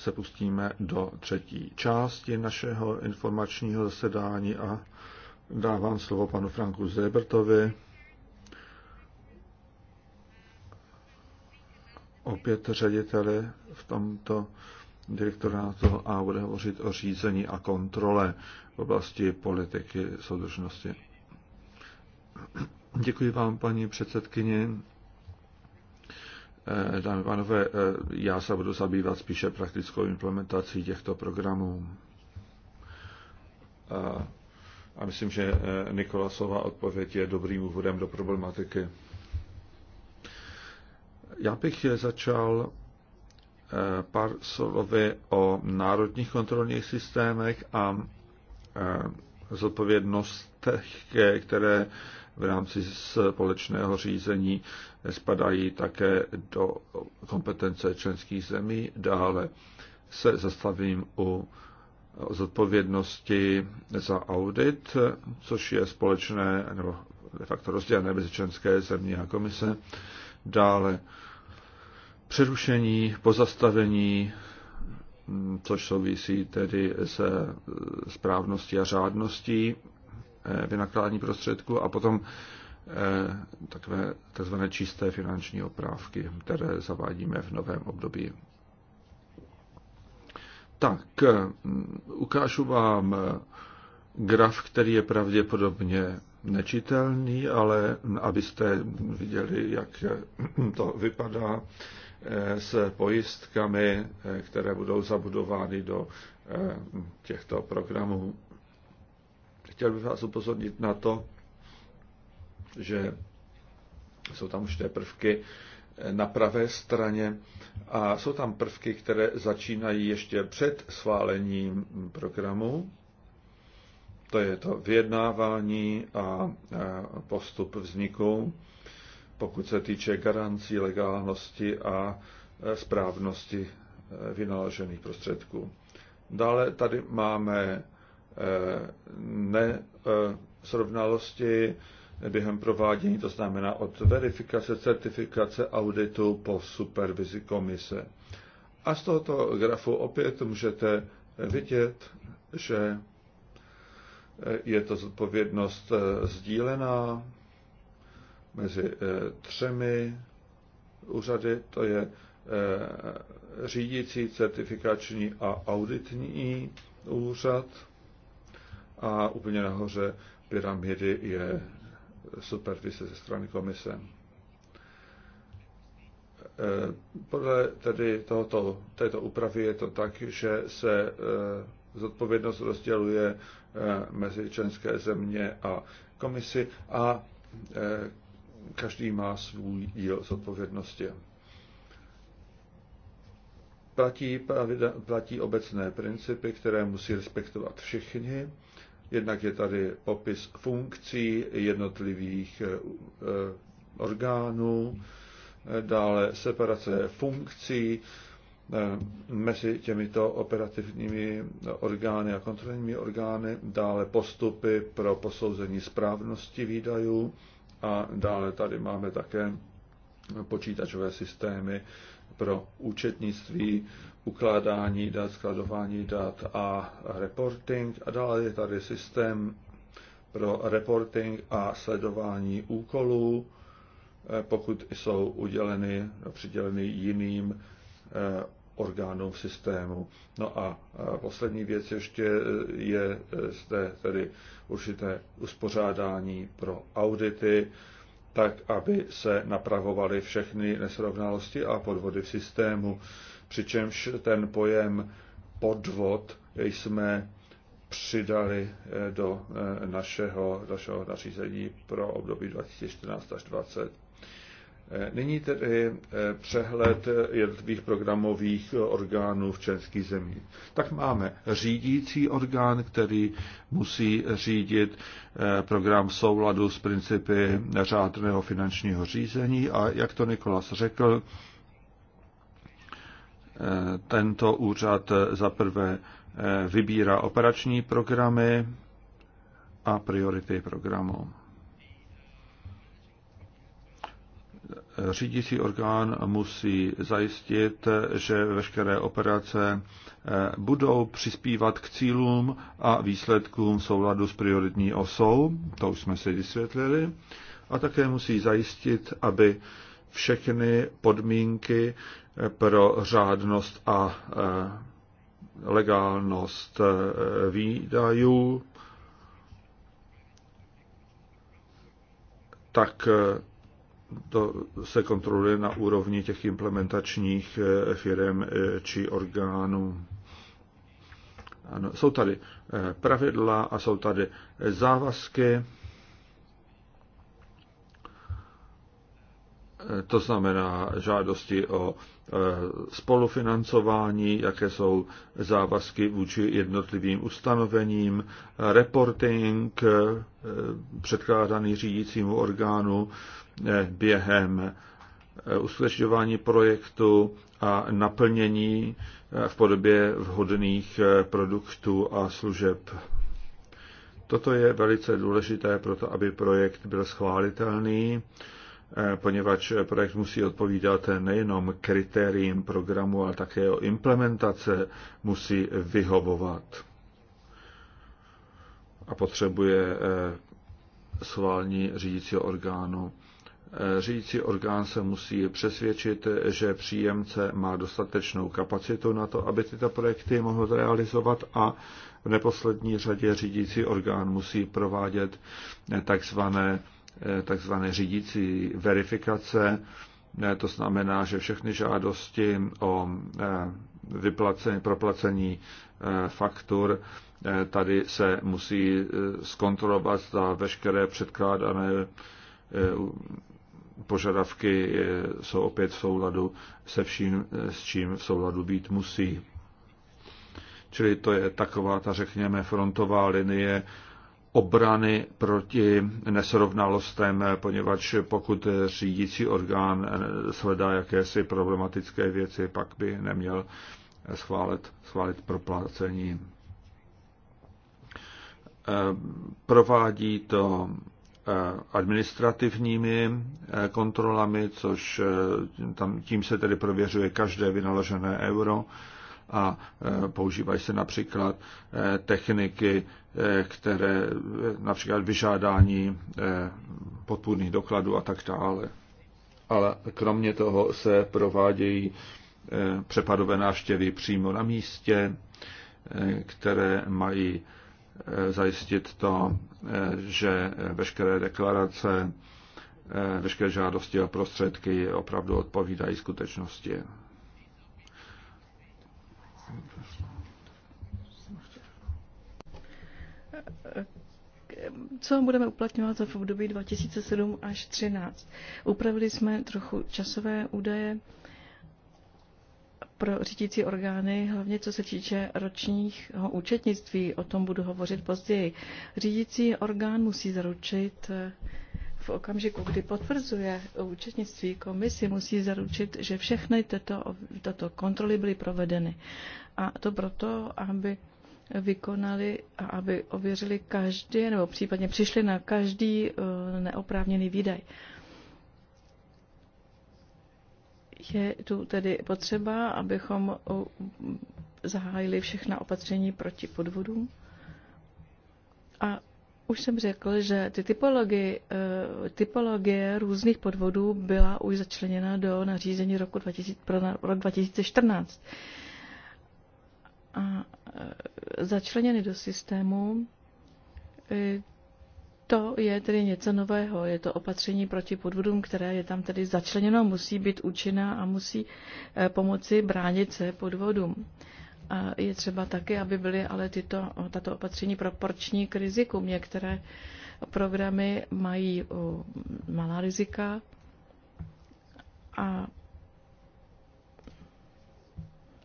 se pustíme do třetí části našeho informačního zasedání a dávám slovo panu Franku Zebertovi. Opět řediteli v tomto direktorátu a bude hovořit o řízení a kontrole v oblasti politiky soudržnosti. Děkuji vám, paní předsedkyně. Eh, dámy a pánové, eh, já se budu zabývat spíše praktickou implementací těchto programů. A, myslím, že eh, Nikolasová odpověď je dobrým úvodem do problematiky. Já bych začal pár slovy o národních kontrolních systémech a zodpovědnostech, které v rámci společného řízení spadají také do kompetence členských zemí. Dále se zastavím u zodpovědnosti za audit, což je společné nebo de facto rozdělené mezi členské země a komise. Dále přerušení, pozastavení, což souvisí tedy se správností a řádností Eh, vynakládání prostředků a potom eh, takové tzv. čisté finanční oprávky, které zavádíme v novém období. Tak, eh, ukážu vám graf, který je pravděpodobně nečitelný, ale abyste viděli, jak to vypadá s pojistkami, které budou zabudovány do těchto programů. Chtěl bych vás upozornit na to, že jsou tam určité prvky na pravé straně a jsou tam prvky, které začínají ještě před schválením programu. To je to vyjednávání a postup vzniku, pokud se týče garancí legálnosti a správnosti e, vynaložených prostředků. Dále tady máme Eh, nesrovnalosti během provádění, to znamená od verifikace, certifikace, auditu po supervizi komise. A z tohoto grafu opět můžete vidět, že je to zodpovědnost eh, sdílená mezi eh, třemi úřady, to je řídící, certifikační a auditní úřad a úplně nahoře pyramidy je supervize ze strany komise. E, podle tedy tohoto, této úpravy je to tak, že se e, zodpovědnost rozděluje e, mezi členské země a komisi a každý má svůj díl zodpovědnosti. Platí, platí obecné principy, které musí respektovat všichni Jednak je tady popis funkcí jednotlivých eh, eh, orgánů, eh, dále separace funkcí mezi těmito operativními orgány a kontrolními orgány, dále postupy pro posouzení správnosti výdajů a dále tady máme také počítačové systémy pro účetnictví, ukládání dat, skladování dat a reporting. A dále je tady systém pro reporting a sledování úkolů, eh, pokud jsou uděleny, přiděleny jiným eh, orgánům v systému. No a eh, poslední věc ještě je zde tedy určité uspořádání pro audity, tak aby se napravovaly všechny nesrovnalosti a podvody v systému přičemž ten pojem podvod jsme přidali eh, do eh, našeho, našeho nařízení pro období 2014 až 2020. Eh, nyní tedy přehled jednotlivých programových orgánů v členských zemí. Tak máme řídící orgán, který musí řídit program v souladu s principy řádného finančního řízení a jak to Nikolas řekl, tento úřad zaprvé eh, vybírá operační programy a priority programu. Řídící orgán musí zajistit, že veškeré operace eh, budou přispívat k cílům a výsledkům v souladu s prioritní osou, to už jsme si vysvětlili, a také musí zajistit, aby všechny podmínky eh, pro řádnost a eh, legálnost eh, výdajů, tak to se kontroluje na úrovni těch implementačních firm či orgánů. Ano, jsou tady pravidla a jsou tady závazky to znamená žádosti o e, spolufinancování, jaké jsou závazky vůči jednotlivým ustanovením, reporting e, předkládaný řídícímu orgánu e, během uskutečňování projektu a naplnění v podobě vhodných produktů a služeb. Toto je velice důležité pro to, aby projekt byl schválitelný Eh, poněvadž projekt musí odpovídat nejenom kritériím programu, ale také jeho implementace musí vyhovovat a potřebuje eh, schválení řídícího orgánu. Eh, řídící orgán se musí přesvědčit, že příjemce má dostatečnou kapacitu na to, aby tyto projekty mohl realizovat a v neposlední řadě řídící orgán musí provádět takzvané Eh, takzvané řídící verifikace. To znamená, že všechny žádosti o eh, vyplacení, proplacení eh, faktur tady se musí zkontrolovat, zda veškeré předkládané požadavky jsou opět v souladu se vším, s čím v souladu být musí. Čili to je taková ta, řekněme, frontová linie, obrany proti nesrovnalostem, poněvadž pokud řídící orgán sledá jakési problematické věci, pak by neměl schválit, schválit proplácení. Provádí to eh, administrativními eh, kontrolami, což eh, tam, tím se tedy prověřuje každé vynaložené euro a e, používají se například e, techniky, e, které například vyžádání podpůrných dokladů a tak dále. Ale kromě toho se provádějí přepadové návštěvy přímo na místě, které mají zajistit to, že veškeré deklarace, veškeré žádosti a prostředky opravdu odpovídají skutečnosti. co budeme uplatňovat v období 2007 až 2013. Upravili jsme trochu časové údaje pro řídící orgány, hlavně co se týče ročního účetnictví, o tom budu hovořit později. Řídící orgán musí zaručit v okamžiku, kdy potvrzuje účetnictví komisi, musí zaručit, že všechny tato tato kontroly byly provedeny. A to proto, aby vykonali a aby ověřili každý, nebo případně přišli na každý eh, neoprávněný výdaj. Je tu tedy potřeba, abychom eh, zahájili všechna opatření proti podvodům. A už jsem řekl, že ty typologie, eh, typologie různých podvodů byla už začleněna do nařízení roku 2000, pro rok 2014. A Eh, začleněny do systému, eh, to je tedy něco nového. Je to opatření proti podvodům, které je tam tedy začleněno, musí být účinná a musí eh, pomoci bránit se podvodům. A je třeba taky, aby byly ale tyto, tato opatření proporční k rizikům. Některé programy mají malá rizika a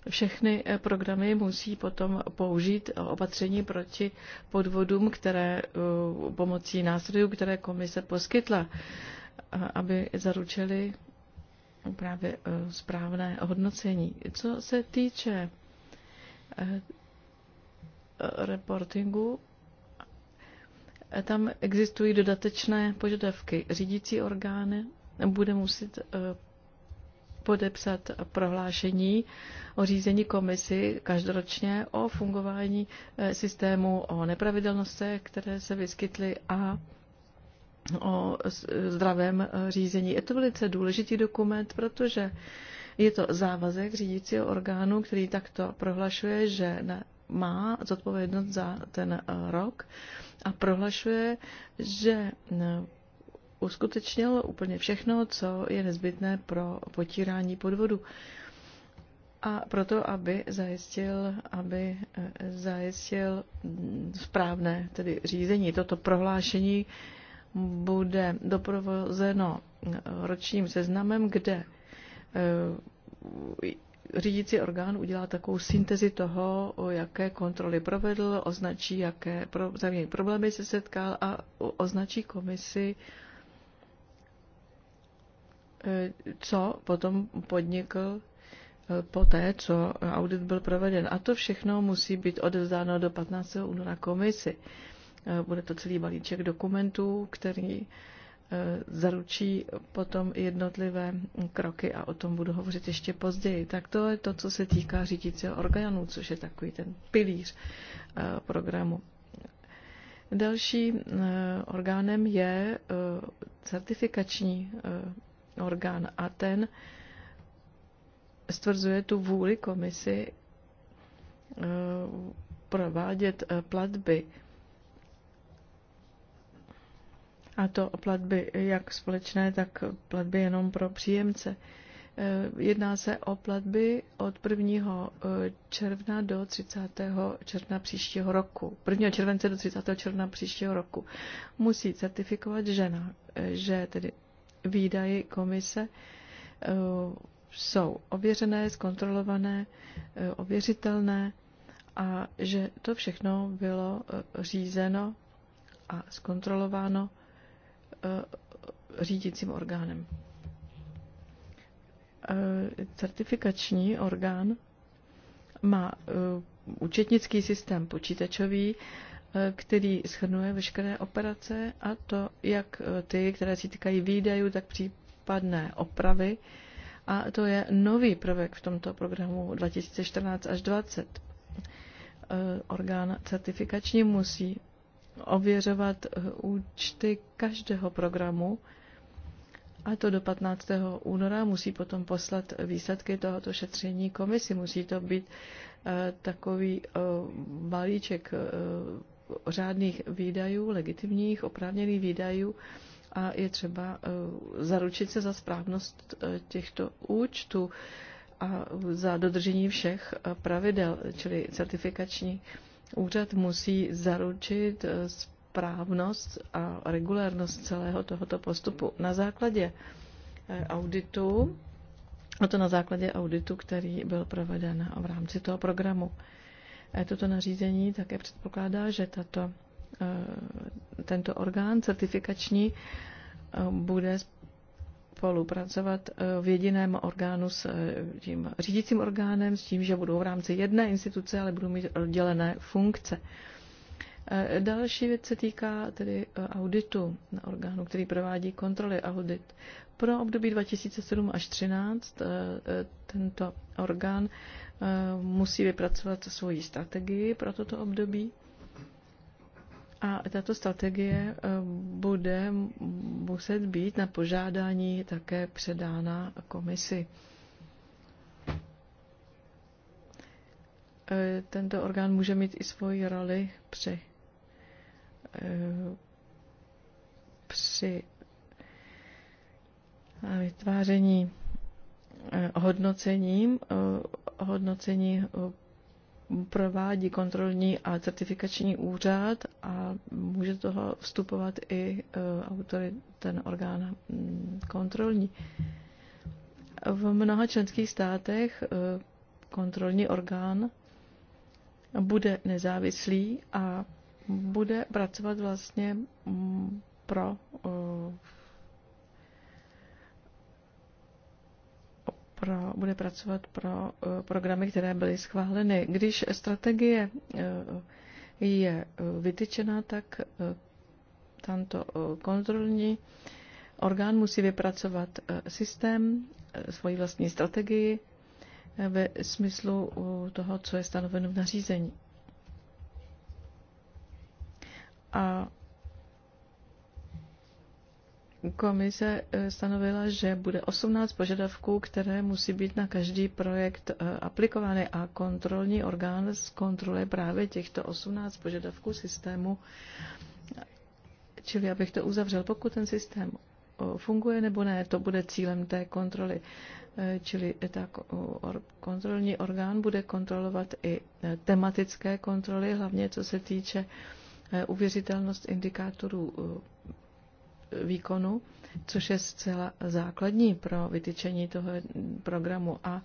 všechny eh, programy musí potom použít eh, opatření proti podvodům, které eh, pomocí nástrojů, které komise poskytla, aby zaručili právě správné hodnocení. Co se týče reportingu, tam existují dodatečné požadavky. Řídící orgány bude muset podepsat prohlášení o řízení komisy každoročně o fungování eh, systému, o nepravidelnostech, které se vyskytly a o eh, zdravém eh, řízení. Je to velice důležitý dokument, protože je to závazek řídícího orgánu, který takto prohlašuje, že ne, má zodpovědnost za ten rok a prohlašuje, že uskutečnil úplně všechno, co je nezbytné pro potírání podvodu. A proto, aby zajistil, aby eh, zajistil hm, správné tedy řízení. Toto prohlášení bude doprovozeno eh, ročním seznamem, kde eh, řídící orgán udělá takovou syntezi toho, o jaké kontroly provedl, označí, jaké pro, problémy se setkal a označí komisi, E, co potom podnikl e, po té, co audit byl proveden. A to všechno musí být odevzdáno do 15. února komisi. E, bude to celý balíček dokumentů, který zaručí potom jednotlivé kroky a o tom budu hovořit ještě později. Tak to je to, co se týká řídícího orgánu, což je takový ten pilíř programu. Dalším orgánem je certifikační orgán a ten stvrzuje tu vůli komisi eh, provádět eh, platby. A to platby jak společné, tak platby jenom pro příjemce. Eh, jedná se o platby od 1. června do 30. června příštího roku. 1. července do 30. června příštího roku. Musí certifikovat žena, že tedy výdaji komise eh, jsou ověřené, zkontrolované, eh, ověřitelné a že to všechno bylo eh, řízeno a zkontrolováno řídícím orgánem. Certifikační orgán má účetnický systém počítačový, který schrnuje veškeré operace a to jak eh, ty, které se týkají výdajů, tak případné opravy. A to je nový prvek v tomto programu 2014 až 2020. Eh, orgán certifikační musí ověřovat eh, účty každého programu a to do 15. února musí potom poslat výsledky tohoto šetření komisi. Musí to být takový balíček řádných výdajů, legitimních, oprávněných výdajů a je třeba eh, zaručit se za správnost eh, těchto účtů a za dodržení všech eh, pravidel, čili certifikační úřad musí zaručit správnost a regulérnost celého tohoto postupu. Na základě auditu, a to na základě auditu, který byl proveden v rámci toho programu. Toto nařízení také předpokládá, že tato, eh, tento orgán certifikační eh, bude spolupracovat eh, v jediném orgánu s tím řídícím orgánem, s tím, že budou v rámci jedné instituce, ale budou mít oddělené funkce. Další věc se týká tedy auditu na orgánu, který provádí kontroly audit. Pro období 2007 až 2013 tento orgán Eh, musí vypracovat svoji strategii pro toto období. A tato strategie eh, bude muset být na požádání také předána komisi. Eh, tento orgán může mít i svoji roli při, při vytváření Eh, hodnocením, eh, hodnocení eh, provádí kontrolní a certifikační úřad a může do toho vstupovat i autory, ten orgán mm, kontrolní. V mnoha členských státech kontrolní orgán bude nezávislý a bude pracovat vlastně mm, pro pro, bude pracovat pro eh, programy, které byly schváleny. Když strategie eh, je eh, vytyčena, tak tamto kontrolní orgán musí vypracovat systém, svoji vlastní strategii ve smyslu toho, co je stanoveno v nařízení. A Komise eh, stanovila, že bude 18 požadavků, které musí být na každý projekt eh, aplikovány a kontrolní orgán zkontroluje právě těchto 18 požadavků systému. Čili abych to uzavřel, pokud ten systém eh, funguje nebo ne, to bude cílem té kontroly. Čili ta kontrolní orgán bude kontrolovat i tematické kontroly, hlavně co se týče uvěřitelnost indikátorů výkonu, což je zcela základní pro vytyčení toho programu a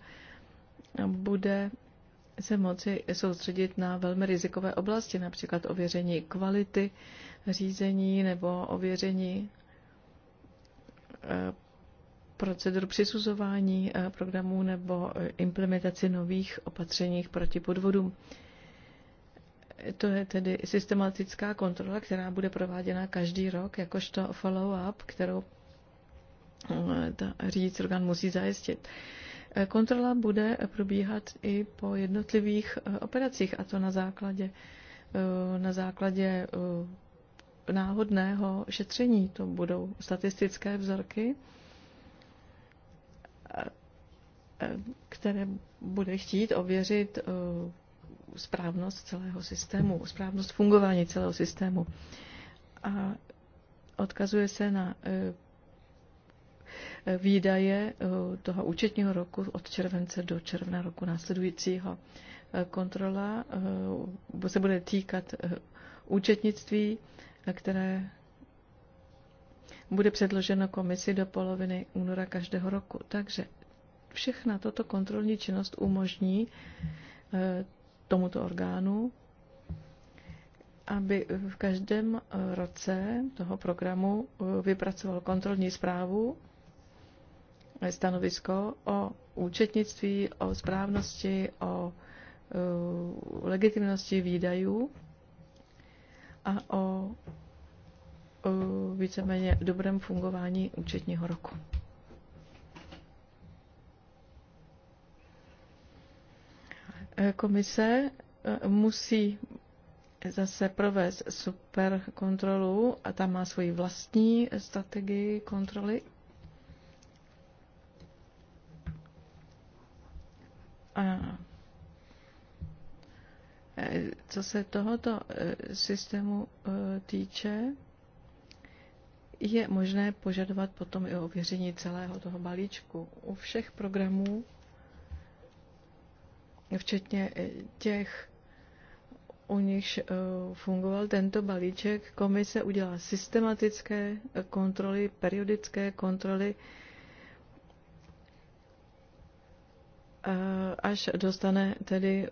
bude se moci soustředit na velmi rizikové oblasti, například ověření kvality řízení nebo ověření eh, procedur přisuzování eh, programů nebo eh, implementaci nových opatřeních proti podvodům. To je tedy systematická kontrola, která bude prováděna každý rok, jakožto follow-up, kterou mm, ta řídící orgán musí zajistit. E, kontrola bude probíhat i po jednotlivých e, operacích, a to na základě, e, na základě náhodného šetření. To budou statistické vzorky, které bude chtít ověřit správnost celého systému, správnost fungování celého systému. A odkazuje se na e, e, výdaje e, toho účetního roku od července do června roku následujícího. Kontrola se bude týkat účetnictví, které bude předloženo komisi do poloviny února každého roku. Takže všechna toto kontrolní činnost umožní tomuto orgánu, aby v každém eh, roce toho programu eh, vypracoval kontrolní zprávu, eh, stanovisko o účetnictví, o správnosti, o legitimnosti výdajů a o víceméně dobrém fungování účetního roku. Komise eh, musí zase provést super kontrolu a tam má svoji vlastní strategii kontroly. A eh, co se tohoto eh, systému týče, je možné požadovat potom i ověření celého toho balíčku. U všech programů včetně eh, těch, u nichž eh, fungoval tento balíček, komise udělá systematické eh, kontroly, periodické kontroly, až dostane tedy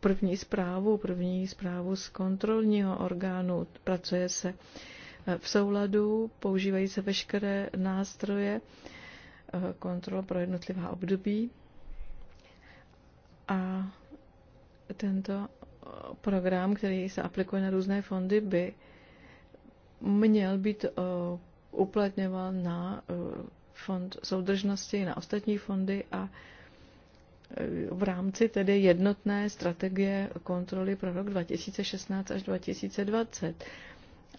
první zprávu, první zprávu z kontrolního orgánu. Pracuje se v souladu, používají se veškeré nástroje kontrol pro jednotlivá období. A tento eh, program, který se aplikuje na různé fondy, by měl být eh, uplatňován na eh, fond soudržnosti, na ostatní fondy a v rámci tedy jednotné strategie kontroly pro rok 2016 až 2020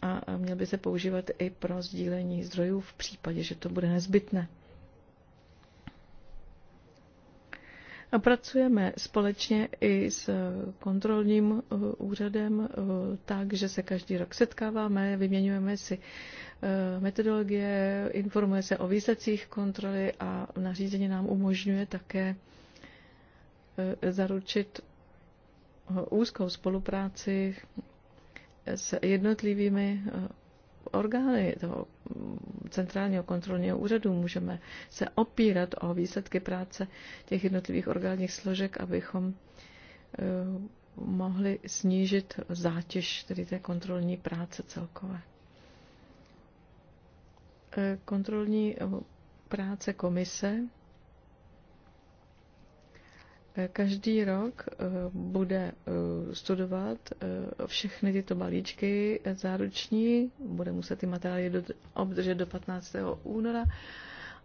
a měl by se používat i pro sdílení zdrojů v případě, že to bude nezbytné. A pracujeme společně i s kontrolním uh, úřadem uh, tak, že se každý rok setkáváme, vyměňujeme si uh, metodologie, informuje se o výsledcích kontroly a nařízení nám umožňuje také zaručit úzkou spolupráci s jednotlivými orgány toho mm, centrálního kontrolního úřadu, můžeme se opírat o výsledky práce těch jednotlivých orgánních složek, abychom eh, mohli snížit zátěž tedy té kontrolní práce celkové. Eh, kontrolní eh, práce komise Každý rok eh, bude eh, studovat eh, všechny tyto balíčky záruční, bude muset ty materiály obdržet do 15. února,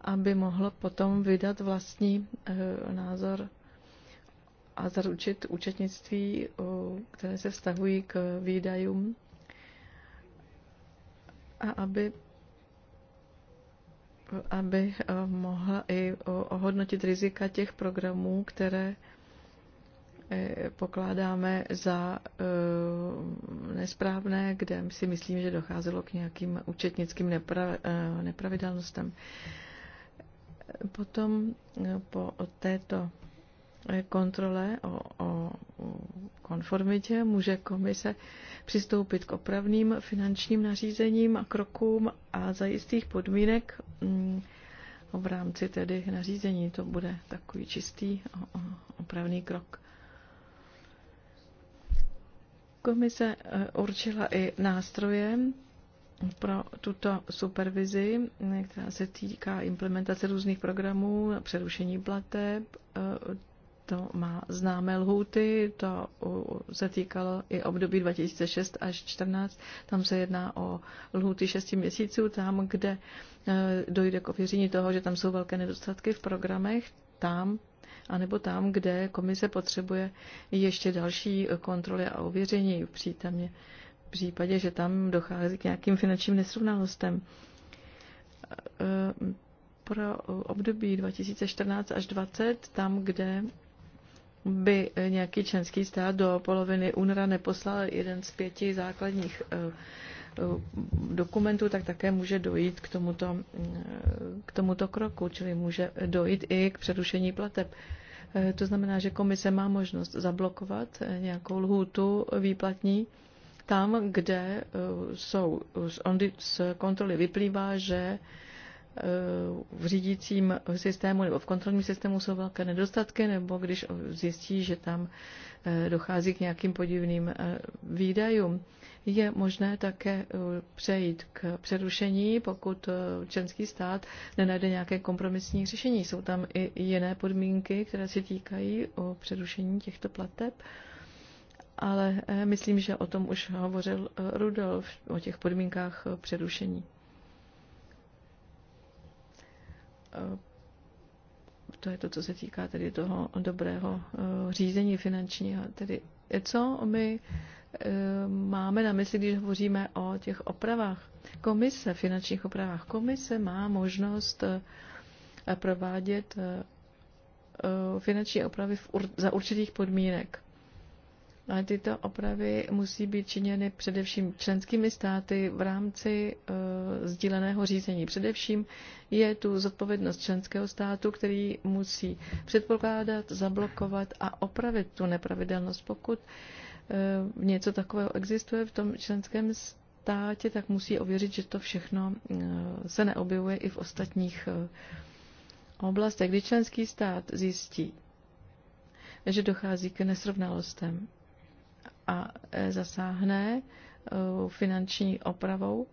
aby mohl potom vydat vlastní názor a zaručit účetnictví, které se vztahují k výdajům a aby aby eh, mohla i eh, ohodnotit rizika těch programů, které eh, pokládáme za nesprávné, kde si myslím, že docházelo k nějakým účetnickým nepravidelnostem. Potom po této kontrole o, o konformitě může komise přistoupit k opravným finančním nařízením a krokům a za jistých podmínek mm, v rámci tedy nařízení to bude takový čistý opravný krok. Komise e, určila i nástroje pro tuto supervizi, která se týká implementace různých programů, přerušení plateb, e, to má známé lhůty, to se týkalo i období 2006 až 2014, tam se jedná o lhůty 6 měsíců, tam, kde e, dojde k ověření toho, že tam jsou velké nedostatky v programech, tam anebo tam, kde komise potřebuje ještě další kontroly a ověření, přítomně v případě, že tam dochází k nějakým finančním nesrovnalostem. E, pro období 2014 až 2020, tam, kde by eh, nějaký členský stát do poloviny února neposlal jeden z pěti základních eh, eh, dokumentů, tak také může dojít k tomuto, k tomuto kroku, čili může dojít i k přerušení plateb. To znamená, že komise má možnost zablokovat nějakou lhůtu výplatní tam, kde jsou z kontroly vyplývá, že v řídícím systému nebo v kontrolním systému jsou velké nedostatky, nebo když zjistí, že tam eh, dochází k nějakým podivným eh, výdajům. Je možné také eh, přejít k přerušení, pokud členský stát nenajde nějaké kompromisní řešení. Jsou tam i jiné podmínky, které se týkají o přerušení těchto plateb ale myslím, že o tom už hovořil Rudolf, o těch podmínkách přerušení. Eh, to je to, co se týká tedy toho dobrého eh, řízení finančního. Tedy eh, co my máme na mysli, když hovoříme o těch opravách? Komise, finančních opravách. Komise má možnost provádět finanční opravy za určitých podmínek. Ale tyto opravy musí být činěny především členskými státy v rámci e, sdíleného řízení. Především je tu zodpovědnost členského státu, který musí předpokládat, zablokovat a opravit tu nepravidelnost. Pokud e, něco takového existuje v tom členském státě, tak musí ověřit, že to všechno e, se neobjevuje i v ostatních e, oblastech. Kdy členský stát zjistí, že dochází k nesrovnalostem, a e, zasáhne e, finanční opravou,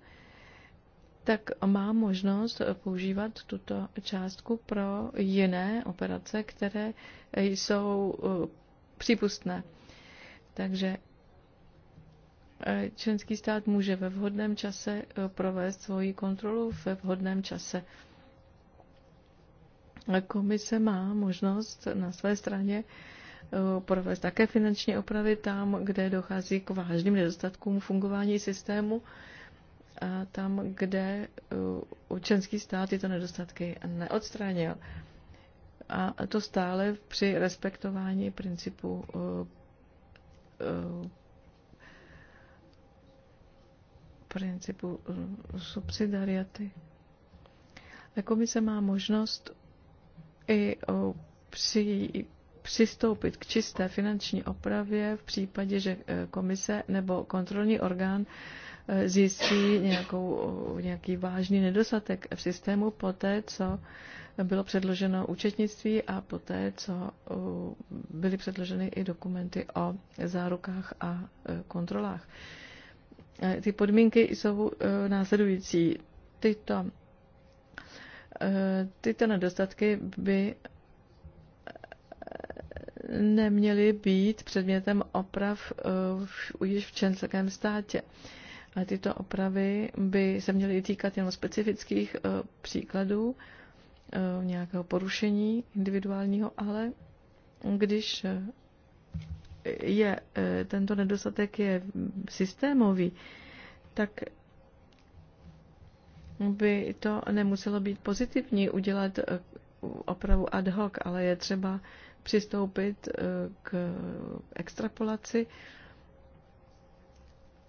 tak má možnost používat tuto částku pro jiné operace, které jsou e, přípustné. Takže členský stát může ve vhodném čase provést svoji kontrolu ve vhodném čase. Komise má možnost na své straně provést také finanční opravy tam, kde dochází k vážným nedostatkům fungování systému a tam, kde uh, členský stát tyto nedostatky neodstranil. A to stále při respektování principu uh, uh, principu subsidiarity. Komise má možnost i při přistoupit k čisté finanční opravě v případě, že eh, komise nebo kontrolní orgán eh, zjistí nějakou, eh, nějaký vážný nedostatek v systému poté, co bylo předloženo účetnictví a poté, co byly předloženy i dokumenty o zárukách a kontrolách. Ty podmínky jsou následující. Tyto, tyto nedostatky by neměly být předmětem oprav eh, již v členském státě. A tyto opravy by se měly týkat jenom specifických eh, příkladů eh, nějakého porušení individuálního, ale když je tento nedostatek je systémový, tak by to nemuselo být pozitivní udělat opravu ad hoc, ale je třeba přistoupit eh, k extrapolaci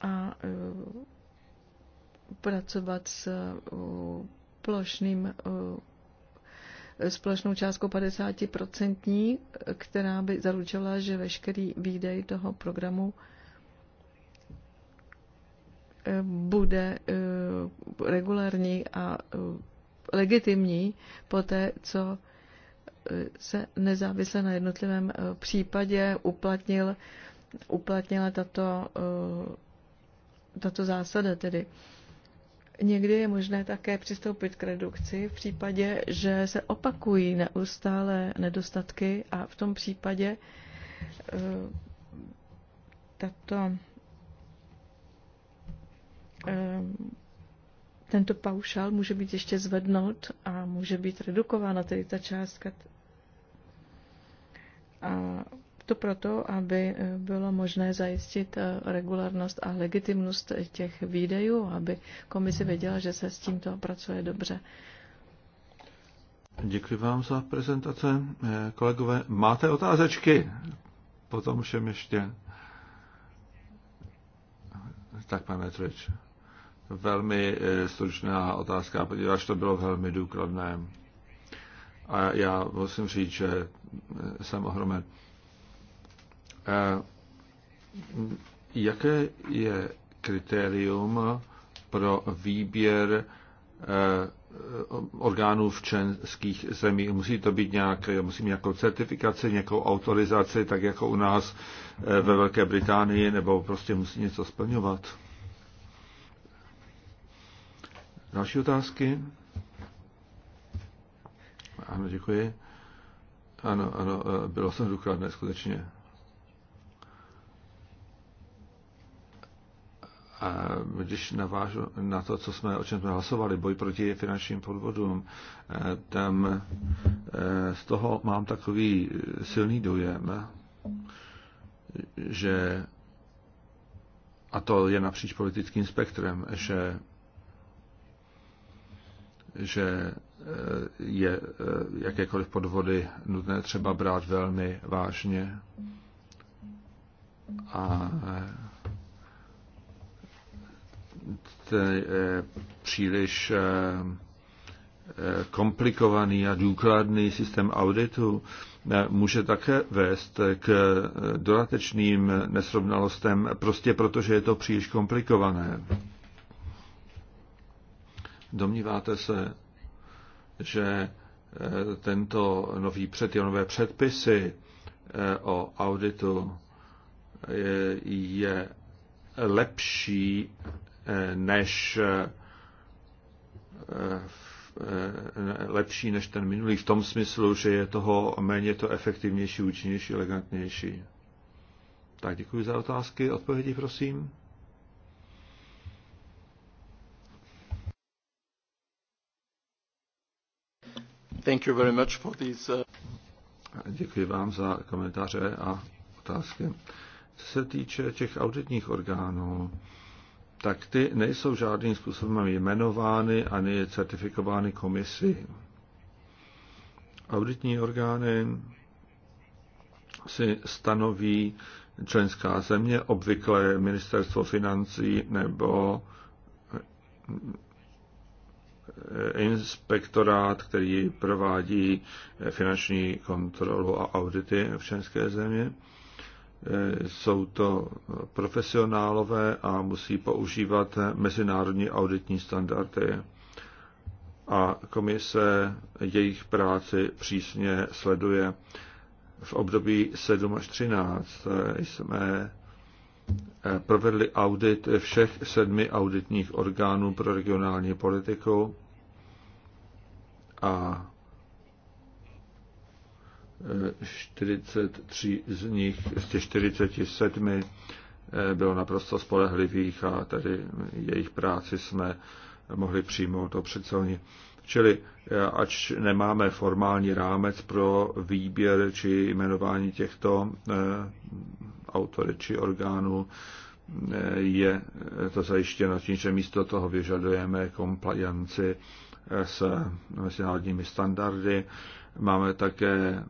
a eh, pracovat s eh, plošným společnou částkou 50%, která by zaručila, že veškerý výdej toho programu bude regulární a legitimní po té, co se nezávisle na jednotlivém eh, případě uplatnil, uplatnila tato, eh, tato zásada tedy. Někdy je možné také přistoupit k redukci v případě, že se opakují neustále nedostatky a v tom případě eh, tato, tento paušál může být ještě zvednout a může být redukována tedy ta částka a to proto, aby eh, bylo možné zajistit eh, regulárnost a legitimnost těch výdejů, aby komise věděla, že se s tímto pracuje dobře. Děkuji vám za prezentace. Eh, kolegové, máte otázečky? Potom všem ještě. Tak, pane Trič. Velmi stručná otázka, protože to bylo velmi důkladné. A já musím říct, že jsem ohromen. Jaké je kritérium pro výběr orgánů v členských zemích. Musí to být nějak, musí mít nějakou certifikaci, nějakou autorizaci, tak jako u nás e, ve Velké Británii, nebo prostě musí něco splňovat. Další otázky? Ano, děkuji. Ano, ano, eh, bylo to důkladné, skutečně. A když navážu na to, co jsme, o čem jsme hlasovali, boj proti finančním podvodům, eh, tam eh, z toho mám takový silný dojem, že, a to je napříč politickým spektrem, že, že Eh, je eh, jakékoliv podvody nutné třeba brát velmi vážně. A eh, příliš komplikovaný a důkladný systém auditu může také vést k dodatečným nesrovnalostem, prostě protože je to příliš komplikované. Domníváte se, že eh, tento nový před, nové předpisy eh, o auditu eh, je lepší než lepší než ten minulý v tom smyslu, že je toho méně to efektivnější, účinnější, elegantnější. Tak děkuji za otázky. Odpovědi prosím. Thank you very much for uh... Děkuji vám za komentáře a otázky. Co se týče těch auditních orgánů, tak ty nejsou žádným způsobem jmenovány ani certifikovány komisi. Auditní orgány si stanoví členská země, obvykle ministerstvo financí nebo Eh, inspektorát, který provádí eh, finanční kontrolu a audity v členské země. Eh, jsou to profesionálové a musí používat mezinárodní auditní standardy. A komise jejich práci přísně sleduje. V období 7 až 13 jsme provedli audit všech sedmi auditních orgánů pro regionální politiku a 43 e, z nich, z těch 47 e, bylo naprosto spolehlivých a tedy jejich práci jsme mohli přijmout to předselně. Čili e, ač nemáme formální rámec pro výběr či jmenování těchto autory či orgánů, je to zajištěno tím, že místo toho vyžadujeme komplianci s mezinárodními standardy. Máme také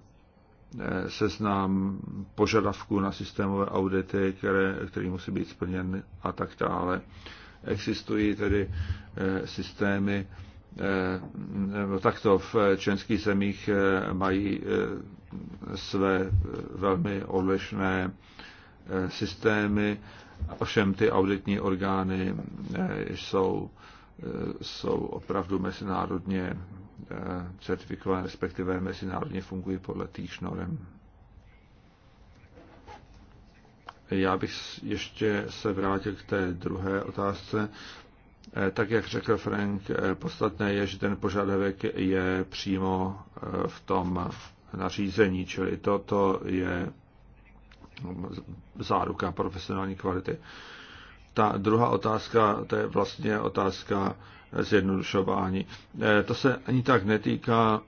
eh, seznam požadavků na systémové audity, které, které musí být splněny a tak dále. Existují tedy eh, systémy, eh, no takto v členských zemích mají své velmi odlišné systémy, ovšem ty auditní orgány jsou jsou opravdu mezinárodně eh, certifikované, respektive mezinárodně fungují podle týž norem. Já bych ještě se vrátil k té druhé otázce. Eh, tak, jak řekl Frank, eh, podstatné je, že ten požadavek je přímo v tom nařízení, čili toto je záruka profesionální kvality ta druhá otázka, to je vlastně otázka zjednodušování. Eh, to se ani tak netýká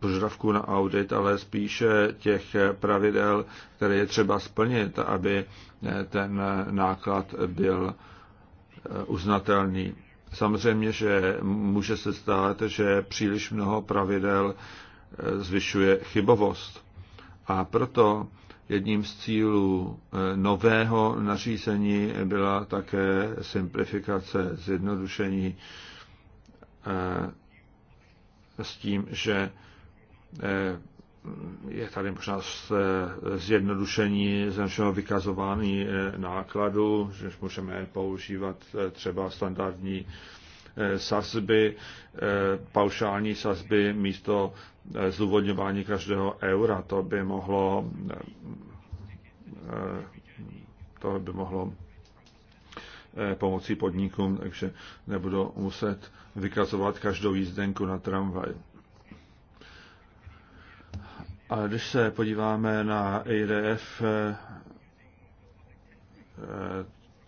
požadavků na audit, ale spíše těch pravidel, které je třeba splnit, aby eh, ten náklad byl eh, uznatelný. Samozřejmě, že může se stát, že příliš mnoho pravidel zvyšuje chybovost. A proto Jedním z cílů eh, nového nařízení byla také simplifikace, zjednodušení eh, s tím, že eh, je tady možná zjednodušení našeho vykazování nákladů, že můžeme používat třeba standardní Eh, sazby, eh, paušální sazby místo eh, zdůvodňování každého eura. To by mohlo to by mohlo pomocí podnikům, takže nebudou muset vykazovat každou jízdenku na tramvaj. A když se podíváme na IDF,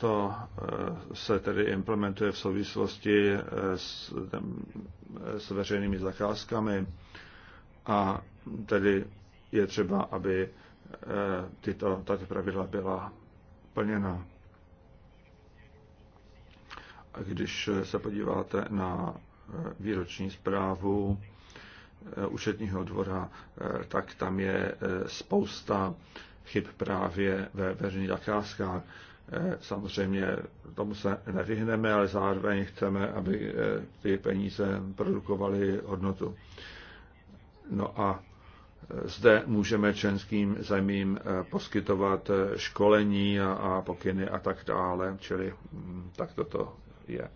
to eh, se tedy implementuje v souvislosti eh, s, eh, s veřejnými zakázkami a tedy je třeba, aby tyto, tato pravidla byla plněna. A když se podíváte na výroční zprávu účetního dvora, tak tam je spousta chyb právě ve veřejných zakázkách. Eh, samozřejmě tomu se nevyhneme, ale zároveň chceme, aby eh, ty peníze produkovaly hodnotu. No a eh, zde můžeme členským zemím poskytovat školení a, pokyny a tak dále, čili mm, tak toto je.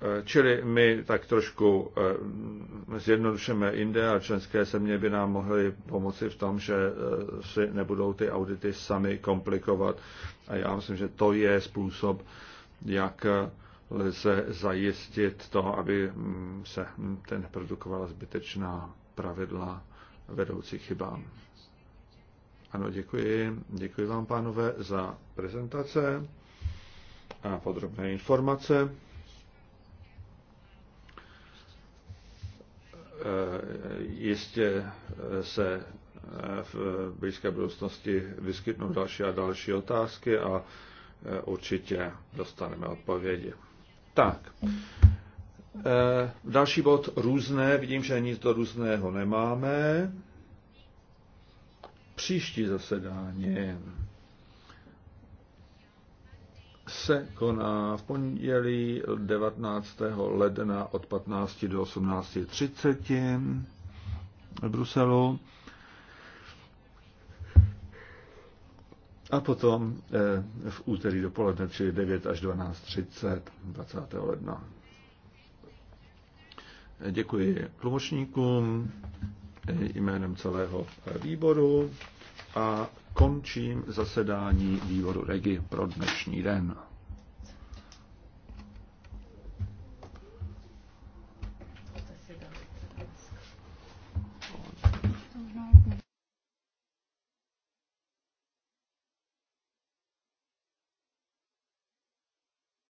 Eh, čili my tak trošku eh, zjednodušeme jinde a členské země by nám mohly pomoci v tom, že eh, si nebudou ty audity sami komplikovat. A já myslím, že to je způsob, jak lze zajistit to, aby mm, se ten produkovala zbytečná pravidla vedoucí chybám. Ano, děkuji. Děkuji vám, pánové, za prezentace a podrobné informace. Eh, jistě eh, se eh, v blízké budoucnosti vyskytnou další a další otázky a určitě dostaneme odpovědi. Tak. Další bod různé. Vidím, že nic do různého nemáme. Příští zasedání se koná v pondělí 19. ledna od 15 do 18.30 v Bruselu. A potom eh, v úterý dopoledne, čili 9 až 12.30 20. ledna. Děkuji tlumočníkům eh, jménem celého výboru a končím zasedání výboru Regi pro dnešní den.